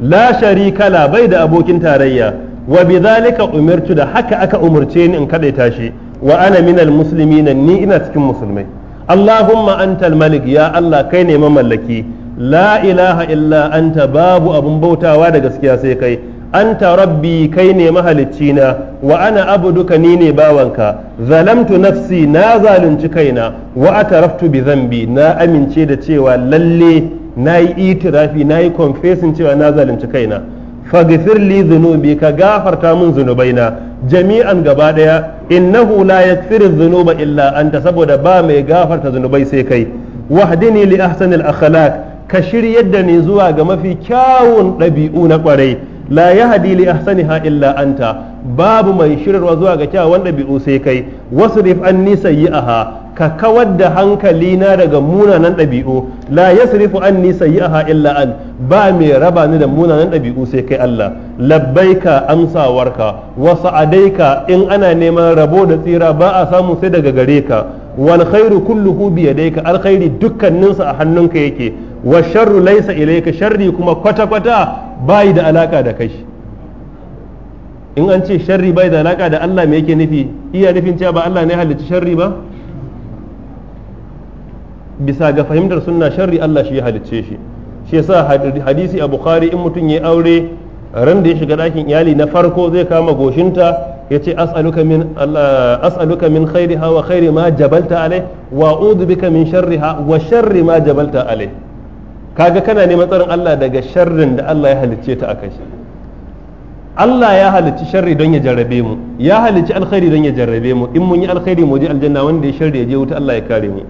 la sharika la bai da abokin tarayya wa bi zalika umirtu da haka aka umurce ni in kadaita shi wa ana minal na ni ina cikin musulmai allahumma antal malik ya allah kai ne mamallaki la ilaha illa anta babu abun bautawa da gaskiya sai kai anta rabbi kai ne mahaliccina wa ana abuduka ni ne bawanka zalamtu nafsi na zalunci kaina wa ataraftu bi zambi na amince da cewa lalle na yi itirafi na yi confessing cewa na zalunci kaina faghfir li dhunubi ka gafarta min zunubaina jami'an gaba daya innahu la yaghfiru dhunuba illa anta saboda ba mai gafarta zunubai sai kai wahdini li ahsanil akhlaq ka shiryar da ni zuwa ga mafi kyawun ɗabi'u na kwarai la yahdi li ahsaniha illa anta babu mai shirarwa zuwa ga kyawun ɗabi'u sai kai wasrif anni sayyi'aha ka kawar da hankali na daga munanan ɗabi'u la nisa yi a illa an ba mai raba ni da munanan ɗabi'u sai kai Allah labbaika amsawarka wa ka in ana neman rabo da tsira ba a samu sai daga gare ka wal khairu kulluhu bi yadayka alkhairi dukkaninsa a hannunka yake wa sharru laysa ilayka sharri kuma kwata kwata bai da alaka da kai in an ce sharri bai da alaka da Allah me yake nufi iya nufin cewa ba Allah ne halicci sharri ba bisa ga fahimtar sunna sharri Allah shi ya halicce shi shi yasa hadisi a bukhari in mutum ya aure ran da ya shiga ɗakin iyali na farko zai kama goshinta ya ce as'aluka min as'aluka min khairiha wa khairi ma jabalta alai wa a'udhu bika min sharriha wa sharri ma jabalta alai kaga kana neman tsarin Allah daga sharrin da Allah ya halicce ta akai shi Allah ya halicci sharri don ya jarrabe mu ya halicci alkhairi don ya jarrabe mu in mun yi alkhairi mu je aljanna wanda ya sharri ya je wuta Allah ya kare mu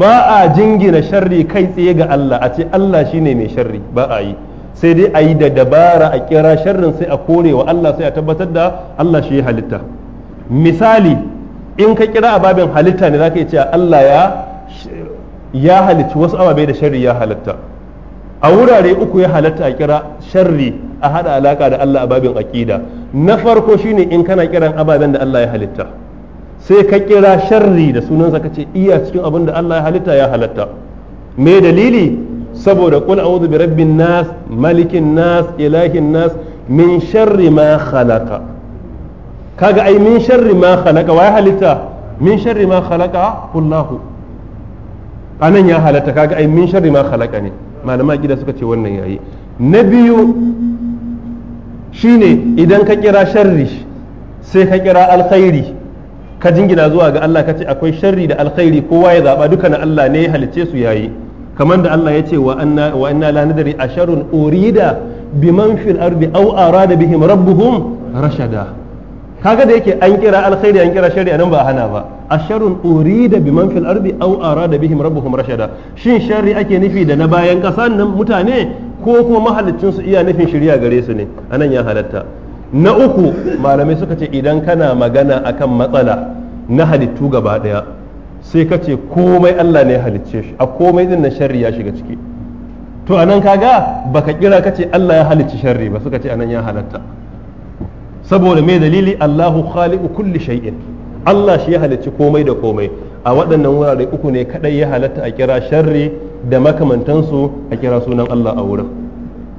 ba a jingina sharri kai tsaye ga Allah a ce Allah shine mai sharri ba a yi sai dai a yi da dabara a kira sharrin sai a kore wa Allah sai a tabbatar da Allah shi ya halitta misali in ka kira ababen halitta ne zaka ce Allah ya ya halicci wasu ababe da sharri ya halitta a wurare uku ya halitta a kira sharri a hada alaka da Allah a babin aqida na farko shine in kana kiran ababen da Allah ya halitta sai ka kira sharri da sunansa ka ce iya cikin abin da Allah ya halitta ya halatta me dalili saboda qul a'udhu bi rabbin nas malikin nas ilahin nas min sharri ma khalaqa kaga ai min sharri ma khalaqa wa halitta min sharri ma khalaqa kullahu anan ya halatta kaga ai min sharri ma khalaqa ne malama gida suka ce wannan yayi na biyu shine idan ka kira sharri sai ka kira alkhairi ka jingina zuwa ga Allah ka ce akwai sharri da alkhairi kowa ya zaba duka na Allah ne ya halice su yayi kamar da Allah ya ce wa anna wa inna la nadri asharun urida biman fil ardi aw arada bihim rabbuhum rashada kaga da yake an kira alkhairi an kira sharri anan ba a hana ba asharun urida biman fil ardi aw arada bihim rabbuhum rashada shin sharri ake nufi da na bayan kasan nan mutane ko kuma mahallicin su iya nufin shari'a gare su ne anan ya halatta na uku malamai suka ce idan kana magana akan matsala na halittu gaba ɗaya sai ka ce komai Allah ne ya halicce shi a komai din na sharri ya shiga ciki to anan kaga baka kira ka ce Allah ya halicci sharri ba suka ce anan ya halatta saboda mai dalili Allahu khaliqu kulli shay'in Allah shi ya halicci komai da komai a waɗannan wurare uku ne kadai ya halatta a kira sharri da makamantansu a kira sunan Allah a wurin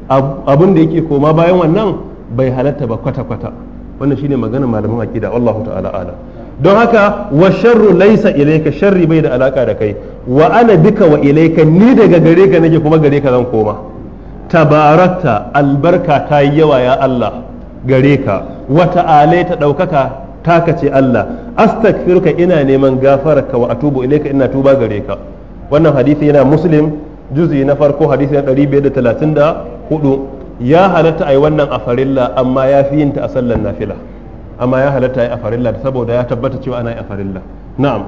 abun da yake koma bayan wannan bai halatta ba kwata-kwata wannan shine magana malaman aqida allahu ta'ala ala don haka wa sharru laisa ilaika sharri bai da alaka da kai wa ana bika wa ilaika ni daga gare ka nake kuma gare ka zan koma tabarakta albarka ta yi yawa ya Allah gare ka wa ta ɗaukaka taka ce Allah astaghfiruka ina neman gafararka wa atubu ilaika ina tuba gare ka wannan hadisi yana muslim juzi na farko hadisi na 534 ya halatta ai wannan a farilla amma ya fi yin ta a sallar nafila amma ya halatta ya yi a farilla saboda ya tabbata cewa ana yi a farilla na'am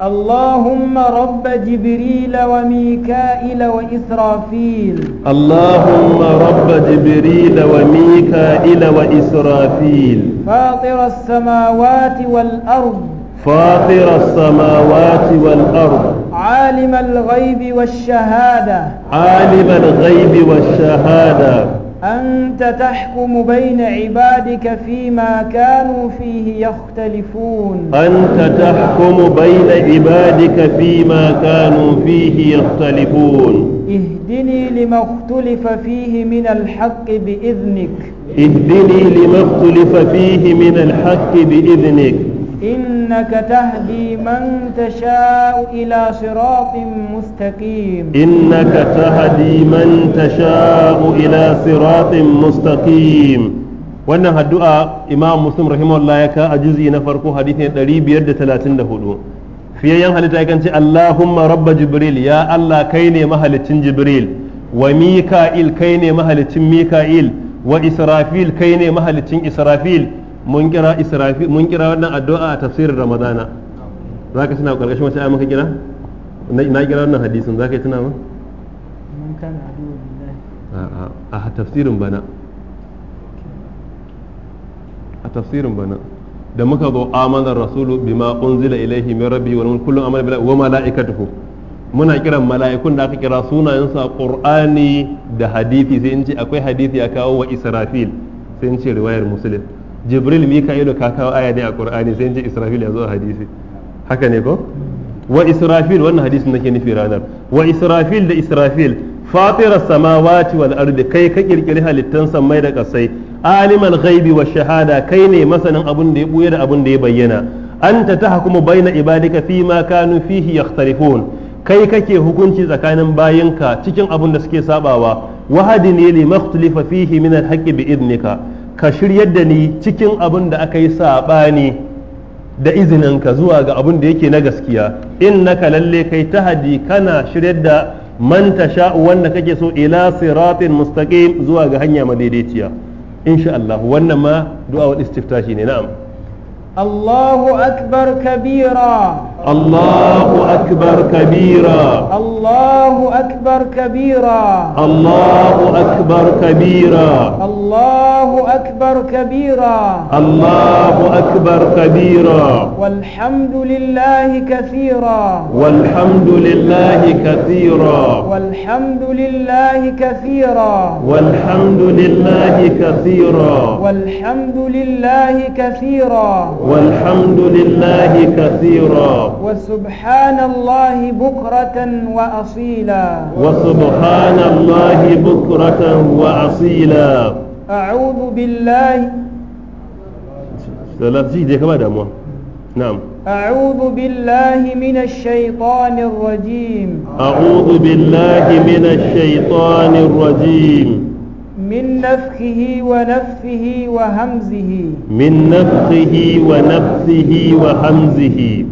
Allahumma rabba Jibril wa Mika'ila wa Israfil Allahumma rabba Jibril wa Mika'ila wa Israfil Fatir as-samawati wal ard فاطر السماوات والأرض shahada. الغيب والشهادة عالم الغيب أنت تحكم بين عبادك فيما كانوا فيه يختلفون أنت تحكم بين عبادك فيما كانوا فيه يختلفون اهدني لما اختلف فيه من الحق بإذنك اهدني لما اختلف فيه من الحق بإذنك إنك تهدي من تشاء إلى صراط مستقيم إنك تهدي من تشاء إلى صراط مستقيم wannan addu'a imam muslim rahimahullah ya ka a juzi na farko da na 534 fiyayyen halitta yakan ce allahumma rabba jibril ya allah kai ne mahalicin jibril wa mika'il kaine ne mahalicin mika'il wa israfil kai ne mahalicin israfil mun kira israfi mun kira wannan addu'a a tafsirin ramadana zaka tuna karkashin wata ayi muka kira na kira wannan hadisin zaka yi tuna ma mun kana addu'a billahi a a tafsirin bana a tafsirin bana da muka zo amanar rasulu bima unzila ilaihi min rabbi wa kullu amala billahi wa malaikatuhu muna kiran mala'ikun da aka kira sunayensa qur'ani da hadisi sai in ce akwai hadisi ya kawo wa israfil sai in ce riwayar muslim jibril mika'ilu ka kawo aya ne a qur'ani sai in israfil ya zo a hadisi haka ne ko wa israfil wannan hadisin nake nufi ranar wa israfil da israfil fatirar samawati wal ardi kai ka kirkiri halittan sammai da kasai alimal ghaibi wa shahada kai ne masanin abun da ya buya da abun da ya bayyana anta tahkumu baina ibadika fi ma kanu fihi yakhtalifun kai kake hukunci tsakanin bayinka cikin abun da suke sabawa wahadi ne li makhtalifa fihi min al-haqqi bi idnika ka shiryar da ni cikin abin da aka yi saɓani da izininka zuwa ga abin da yake na gaskiya in naka lalle kai ta hadi kana shiryar da man tasha'u wanda kake so ila siratin mustaqim zuwa ga hanya madaidaiciya insha Allah wannan ma du'a wal istiftashi ne na'am Allahu akbar kabira الله أكبر كبيرا الله أكبر كبيرا الله أكبر كبيرا الله أكبر كبيرا الله أكبر كبيرا والحمد لله كثيرا والحمد لله كثيرا والحمد لله كثيرا والحمد لله كثيرا والحمد لله كثيرا والحمد لله كثيرا واو وسبحان الله بكرة وأصيلا وسبحان الله بكرة وأصيلا أعوذ بالله ثلاث دي كما دموا نعم أعوذ بالله من الشيطان الرجيم أعوذ بالله من الشيطان الرجيم من نفخه ونفثه وهمزه من نفخه ونفثه وهمزه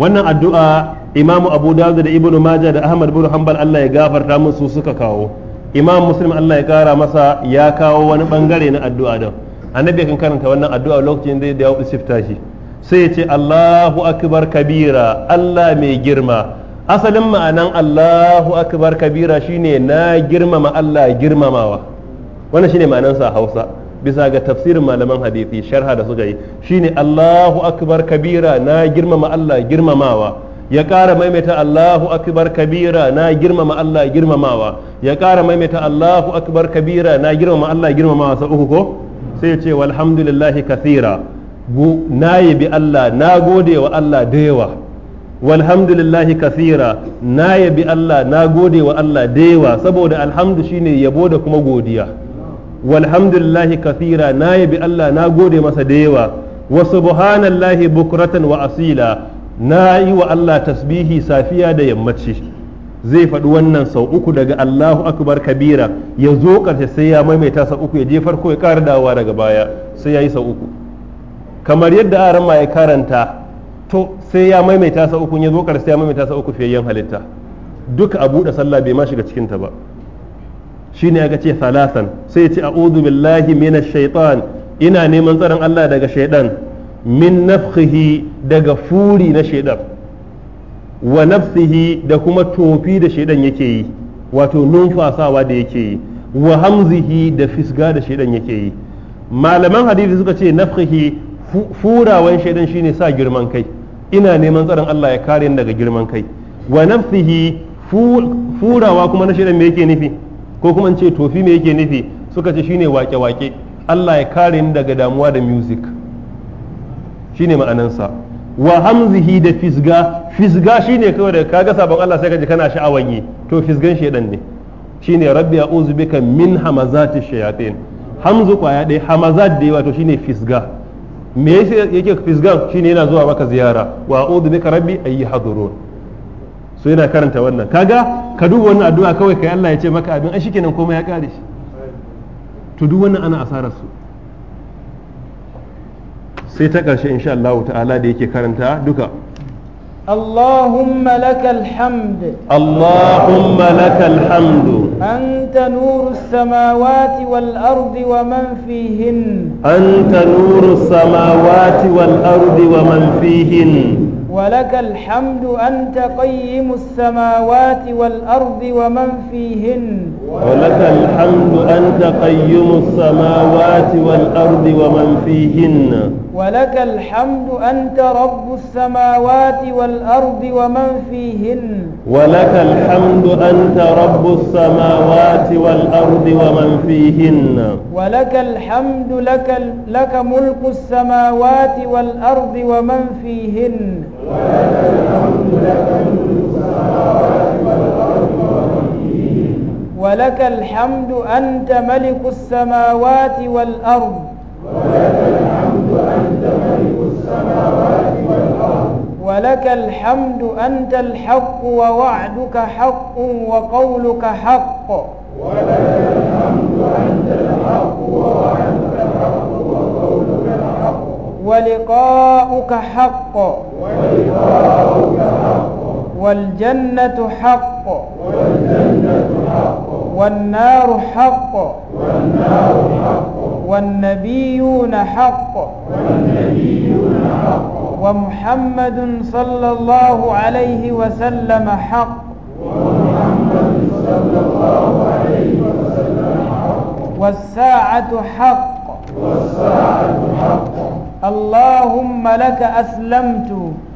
wannan addu'a imamu abu dawud da ibnu maja da ahmad bin hanbal Allah ya gafarta musu suka kawo imam muslim Allah ya kara masa ya kawo wani bangare na addu'a da annabi kan karanta wannan addu'a lokacin da ya sifta shi sai ya ce Allahu akbar kabira Allah mai girma asalin ma'anan Allahu akbar kabira shine na girmama Allah girmamawa wannan shine ma'anansa a Hausa bisa ga tafsirin malaman hadisi sharha da suka yi shine Allahu akbar kabira na girmama Allah girmamawa ya ƙara maimaita Allahu akbar kabira na girmama Allah girmamawa ya ƙara maimaita Allahu akbar kabira na girmama Allah girmamawa sau uku ko sai ce walhamdulillahi kathira na yabi Allah na gode wa Allah da yawa walhamdulillahi kathira Allah na gode wa Allah da yawa saboda alhamdu shine yabo da kuma godiya walhamdulillahi kafira na yabi Allah na gode masa da yawa wa subhanallahi bukratan wa asila na yi wa Allah tasbihi safiya da yammaci zai faɗi wannan sau uku daga Allahu akbar kabira ya zo ƙarshe sai ya maimaita sau uku ya je farko ya ƙara dawowa daga baya sai ya yi sau uku kamar yadda aran ma ya karanta to sai ya maimaita sau uku ya zo ƙarshe ya maimaita sau uku yan halitta duka abu da sallah bai ma shiga cikinta ba shine ya ce salasan sai ya ce a'udhu billahi minash shaitan ina neman tsaron Allah daga shaidan min nafkhihi daga furi na shaidan wa nafsihi da kuma tofi da shaidan yake yi wato numfasawa da yake yi wa hamzihi da fisga da shaidan yake yi malaman hadisi suka ce nafkhihi furawan shaidan shine sa girman kai ina neman tsaron Allah ya kare ni daga girman kai wa nafsihi furawa kuma na shaidan me yake nufi ko kuma ce tofi me yake nufi suka ce shine wake-wake Allah ya kare ni daga damuwa da music shine ma'anansa wa hamzihi da fisga fisga shine kawai da kaga sabon Allah sai ka ji kana sha'awan yi to fisgan shedan ne shine rabbi a'udhu bika min hamazati shayatin hamzu kwaya dai hamazat dai wato shine fisga me yake fisgan shine yana zuwa maka ziyara wa a'udhu bika rabbi ayi hadurun so yana karanta wannan kaga ka duba wannan addu'a kawai kai Allah ya ce maka abin ai shikenan komai ya kare shi to duk wannan ana asarar su sai ta karshe insha Allah ta'ala da yake karanta duka اللهم لك الحمد اللهم لك الحمد أنت نور السماوات والأرض ومن فيهن أنت نور السماوات والأرض ومن فيهن ولك الحمد أنت قيم السماوات والأرض ومن فيهن ولك الحمد أنت قيم السماوات والأرض ومن فيهن ولك الحمد أنت رب السماوات والأرض ومن فيهن ولك الحمد أنت رب السماوات والأرض ومن فيهن ولك الحمد لك, لك ملك السماوات والأرض ومن فيهن ولك الحمد ملك السماوات والأرض ومن فيهن ولك الحمد أنت ملك السماوات والأرض ولك الحمد أنت ملك السماوات والأرض ولك الحمد أنت الحق ووعدك حق وقولك حق ولك الحمد أنت الحق ووعدك حق وقولك حق ولقاؤك حق ولقاؤك حق والجنة حق والجنة حق والنار حق والنار حق والنبيون حق والنبيون حق ومحمد صلى الله عليه وسلم حق حق والساعة حق اللهم لك أسلمت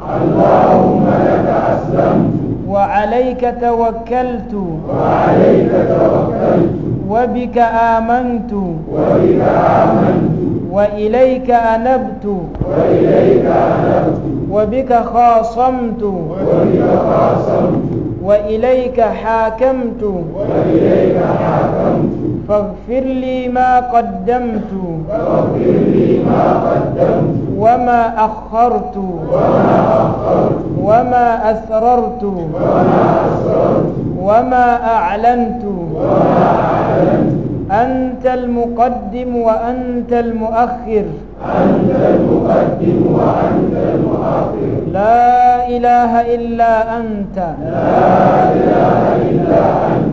اللهم لك أسلمت وعليك توكلت وعليك توكلت وبك آمنت وبك آمنت وإليك أنبت وإليك أنبت وبك خاصمت وبك خاصمت وإليك حاكمت وإليك حاكمت فاغفر لي ما قدمت فاغفر لي ما قدمت وما أخرت وما أخرت وما أسررت وما أسررت وما أعلنت وما أعلنت أنت المقدم وأنت المؤخر أنت المقدم وأنت المؤخر لا إله إلا أنت لا إله إلا أنت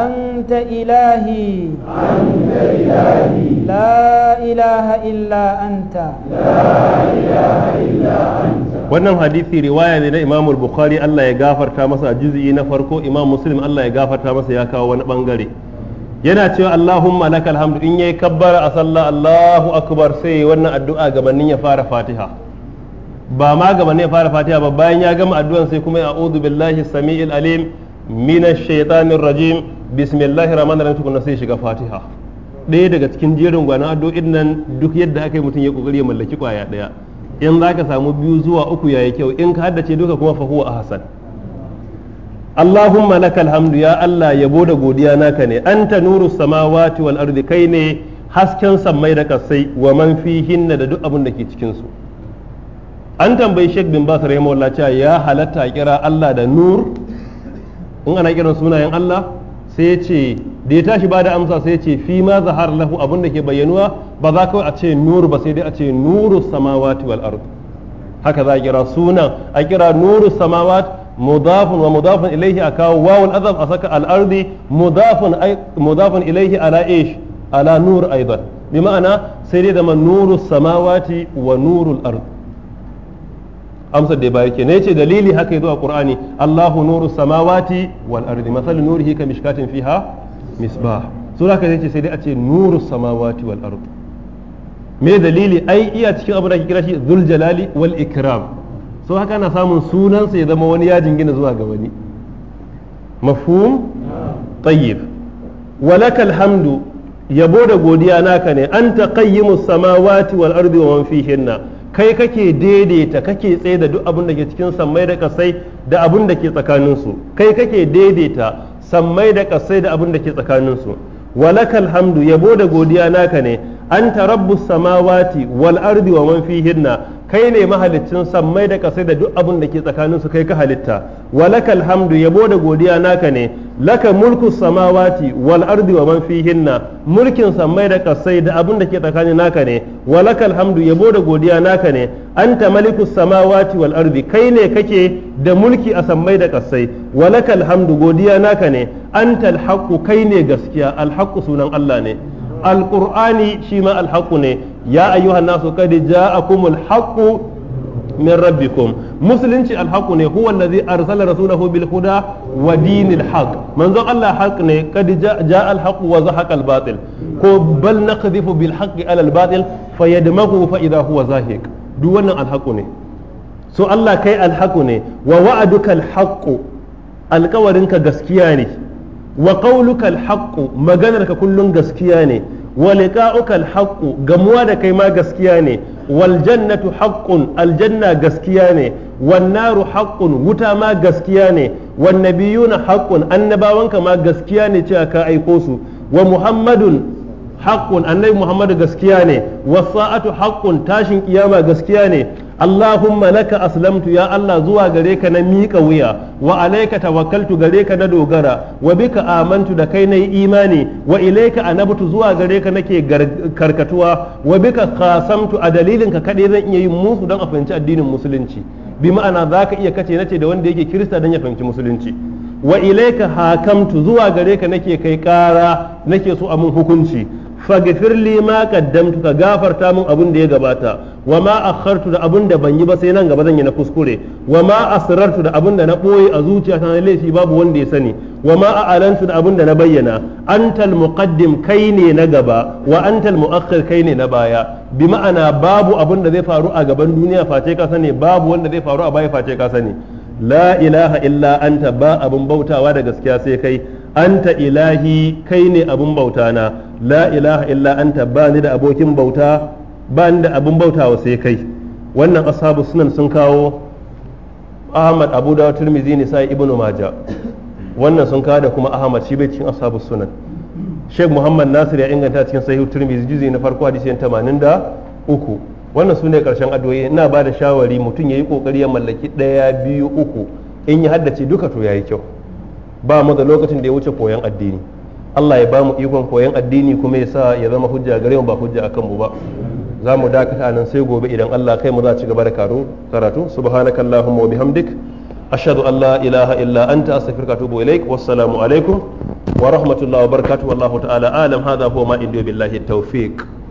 أنت إلهي أنت إلهي لا إله إلا أنت لا إله إلا أنت wannan hadisi riwaya ne na imamul Bukhari Allah ya gafarta masa juz'i na farko Imam Muslim Allah ya gafarta masa ya kawo wani bangare yana cewa Allahumma lakal hamdu in yayi kabbara a sallah Allahu akbar sai wannan addu'a gabanin ya fara Fatiha ba ma gabanin ya fara Fatiha ba bayan ya gama addu'an sai kuma ya a'udhu billahi samiil alim min ash-shaytanir rajim bismillahir rahmanir rahim sai shiga fatiha ɗaya daga cikin jerin gwanan addu'o'in nan duk yadda aka yi mutum ya kokari ya mallaki kwaya ɗaya in za ka samu biyu zuwa uku yayi kyau in ka haddace duka kuma fa huwa ahsan Allahumma lakal hamdu ya Allah yabo da godiya naka ne anta nuru samawati wal ardi kai ne hasken sammai da kasai wa man fihinna da duk abin da ke cikin su an tambayi Sheikh bin basir rahimahullah cewa ya halatta kira Allah da nur in ana kiran sunayen Allah sai ya ce da ya tashi da amsa sai ya ce fi ma zahar lahu abin da ke bayyanuwa ba za kawai a ce nuru ba sai dai a ce nuru samawati wal ardu. haka za a kira sunan a kira nuru samawati azab a saka أكاو واو الأذف أسك الأرض مضاف أي مضاف إليه على إيش على نور أيضا بمعنى سيري دم نور wa nurul ardu. amsar da ya bayar ke ne yace dalili haka yazo a qur'ani Allahu nuru samawati wal ardi masal nuru hika mishkatin fiha misbah haka ka yace sai dai a ce nuru samawati wal ardi me dalili ai iya cikin abin da ake kira shi zul jalali wal ikram so haka ana samun sunan sa ya zama wani ya gina zuwa ga wani mafhum tayyib walakal hamdu yabo da godiya naka ne anta qayyimus samawati wal ardi wa man fihinna kai kake daidaita kake tsaye da duk abin da ke cikin sammai da kasai da abin da ke tsakaninsu kai kake daidaita sammai da kasai da abin da ke tsakaninsu walakal hamdu yabo da godiya naka ne an tarabbu samawati wal ardi wa man fihinna kai ne mahalicin sammai da kasai da duk abin da ke tsakaninsu kai ka halitta walakal hamdu yabo da godiya naka ne laka mulku samawati wal ardi wa man fihinna mulkin sammai da kasai da abin da ke tsakanin naka ne wa lakal hamdu yabo da godiya naka ne anta maliku samawati wal ardi kai ne kake da mulki a sammai da kasai wa lakal hamdu godiya naka ne anta al kai ne gaskiya al sunan Allah ne alƙur'ani shi ma al ne ya ayyuhan nasu qad ja'akumul haqqu min rabbikum musulunci alhaqu ne huwa allazi arsala rasulahu bil huda wa dinil haqq manzon Allah haqq ne kad jaa al haqq wa zahaqa al batil ko bal naqdhifu bil haqqi ala al batil fayadmaghu fa idha huwa zahiq duk wannan alhaqu ne so Allah kai alhaqu ne wa wa'aduka al haqq alkawarinka gaskiya ne wa qawluka al maganarka kullun gaskiya ne wa liqa'uka al gamuwa da kai ma gaskiya ne wal jannatu haqqun aljanna gaskiya ne wan naru haqqun wuta ma gaskiya ne wan nabiyuna haqqun annabawanka ma gaskiya ne cewa ka aiko su wa muhammadun haqqun annabi muhammadu gaskiya ne was sa'atu haqqun tashin kiyama gaskiya ne Allahumma laka aslamtu ya Allah zuwa gare ka na miƙa wuya wa alaika tawakkaltu gare ka na dogara wa bika amantu da kai nayi imani wa ilaika anabtu zuwa gare ka nake karkatuwa wa bika qasamtu a dalilin ka kadai zan iya yin musu don a fahimci addinin musulunci bi ma'ana zaka iya kace nace da wanda yake kirista don ya fahimci musulunci wa ilaika hakamtu zuwa gare ka nake kai kara nake so a mun hukunci faghfir ma qaddamtu ka gafarta mun abin da ya gabata wa ma akhartu da abun da ban yi ba sai nan gaba zan yi na kuskure wa ma asrartu da abun da na boye a zuciyata na laifi babu wanda ya sani wa ma a'lantu da abun da na bayyana antal muqaddim kai ne na gaba wa antal muakhir kai ne na baya bi ma'ana babu abun da zai faru a gaban duniya face ka sani babu wanda zai faru a baya face ka sani la ilaha illa anta ba abin bautawa da gaskiya sai kai anta ilahi kai ne abin bauta na la ilaha illa anta ba ni da abokin bauta ba ni da abin bautawa sai kai wannan ashabu sunan sun kawo ahmad abu dawud turmizi ne sai ibnu maja wannan sun kawo da kuma ahmad shi bai cikin ashabu sunan sheikh muhammad nasir ya inganta cikin sahih turmizi juzi na farko hadisi 83 wannan su karshen addu'o'i ina ba da shawari mutum yayi kokari ya mallaki daya biyu uku in ya haddace duka to ya kyau ba mu da lokacin da ya wuce koyon addini Allah ya ba mu ikon koyon addini kuma ya sa ya zama hujja gare mu ba hujja akan mu ba za mu dakata nan sai gobe idan Allah kai mu za ci gaba da karatu subhanakallahumma wa bihamdik ashhadu an la ilaha illa anta astaghfiruka wa atubu ilaik wassalamu alaikum wa rahmatullahi wa barakatuh wallahu ta'ala alam hadha huwa ma indiyo billahi tawfiq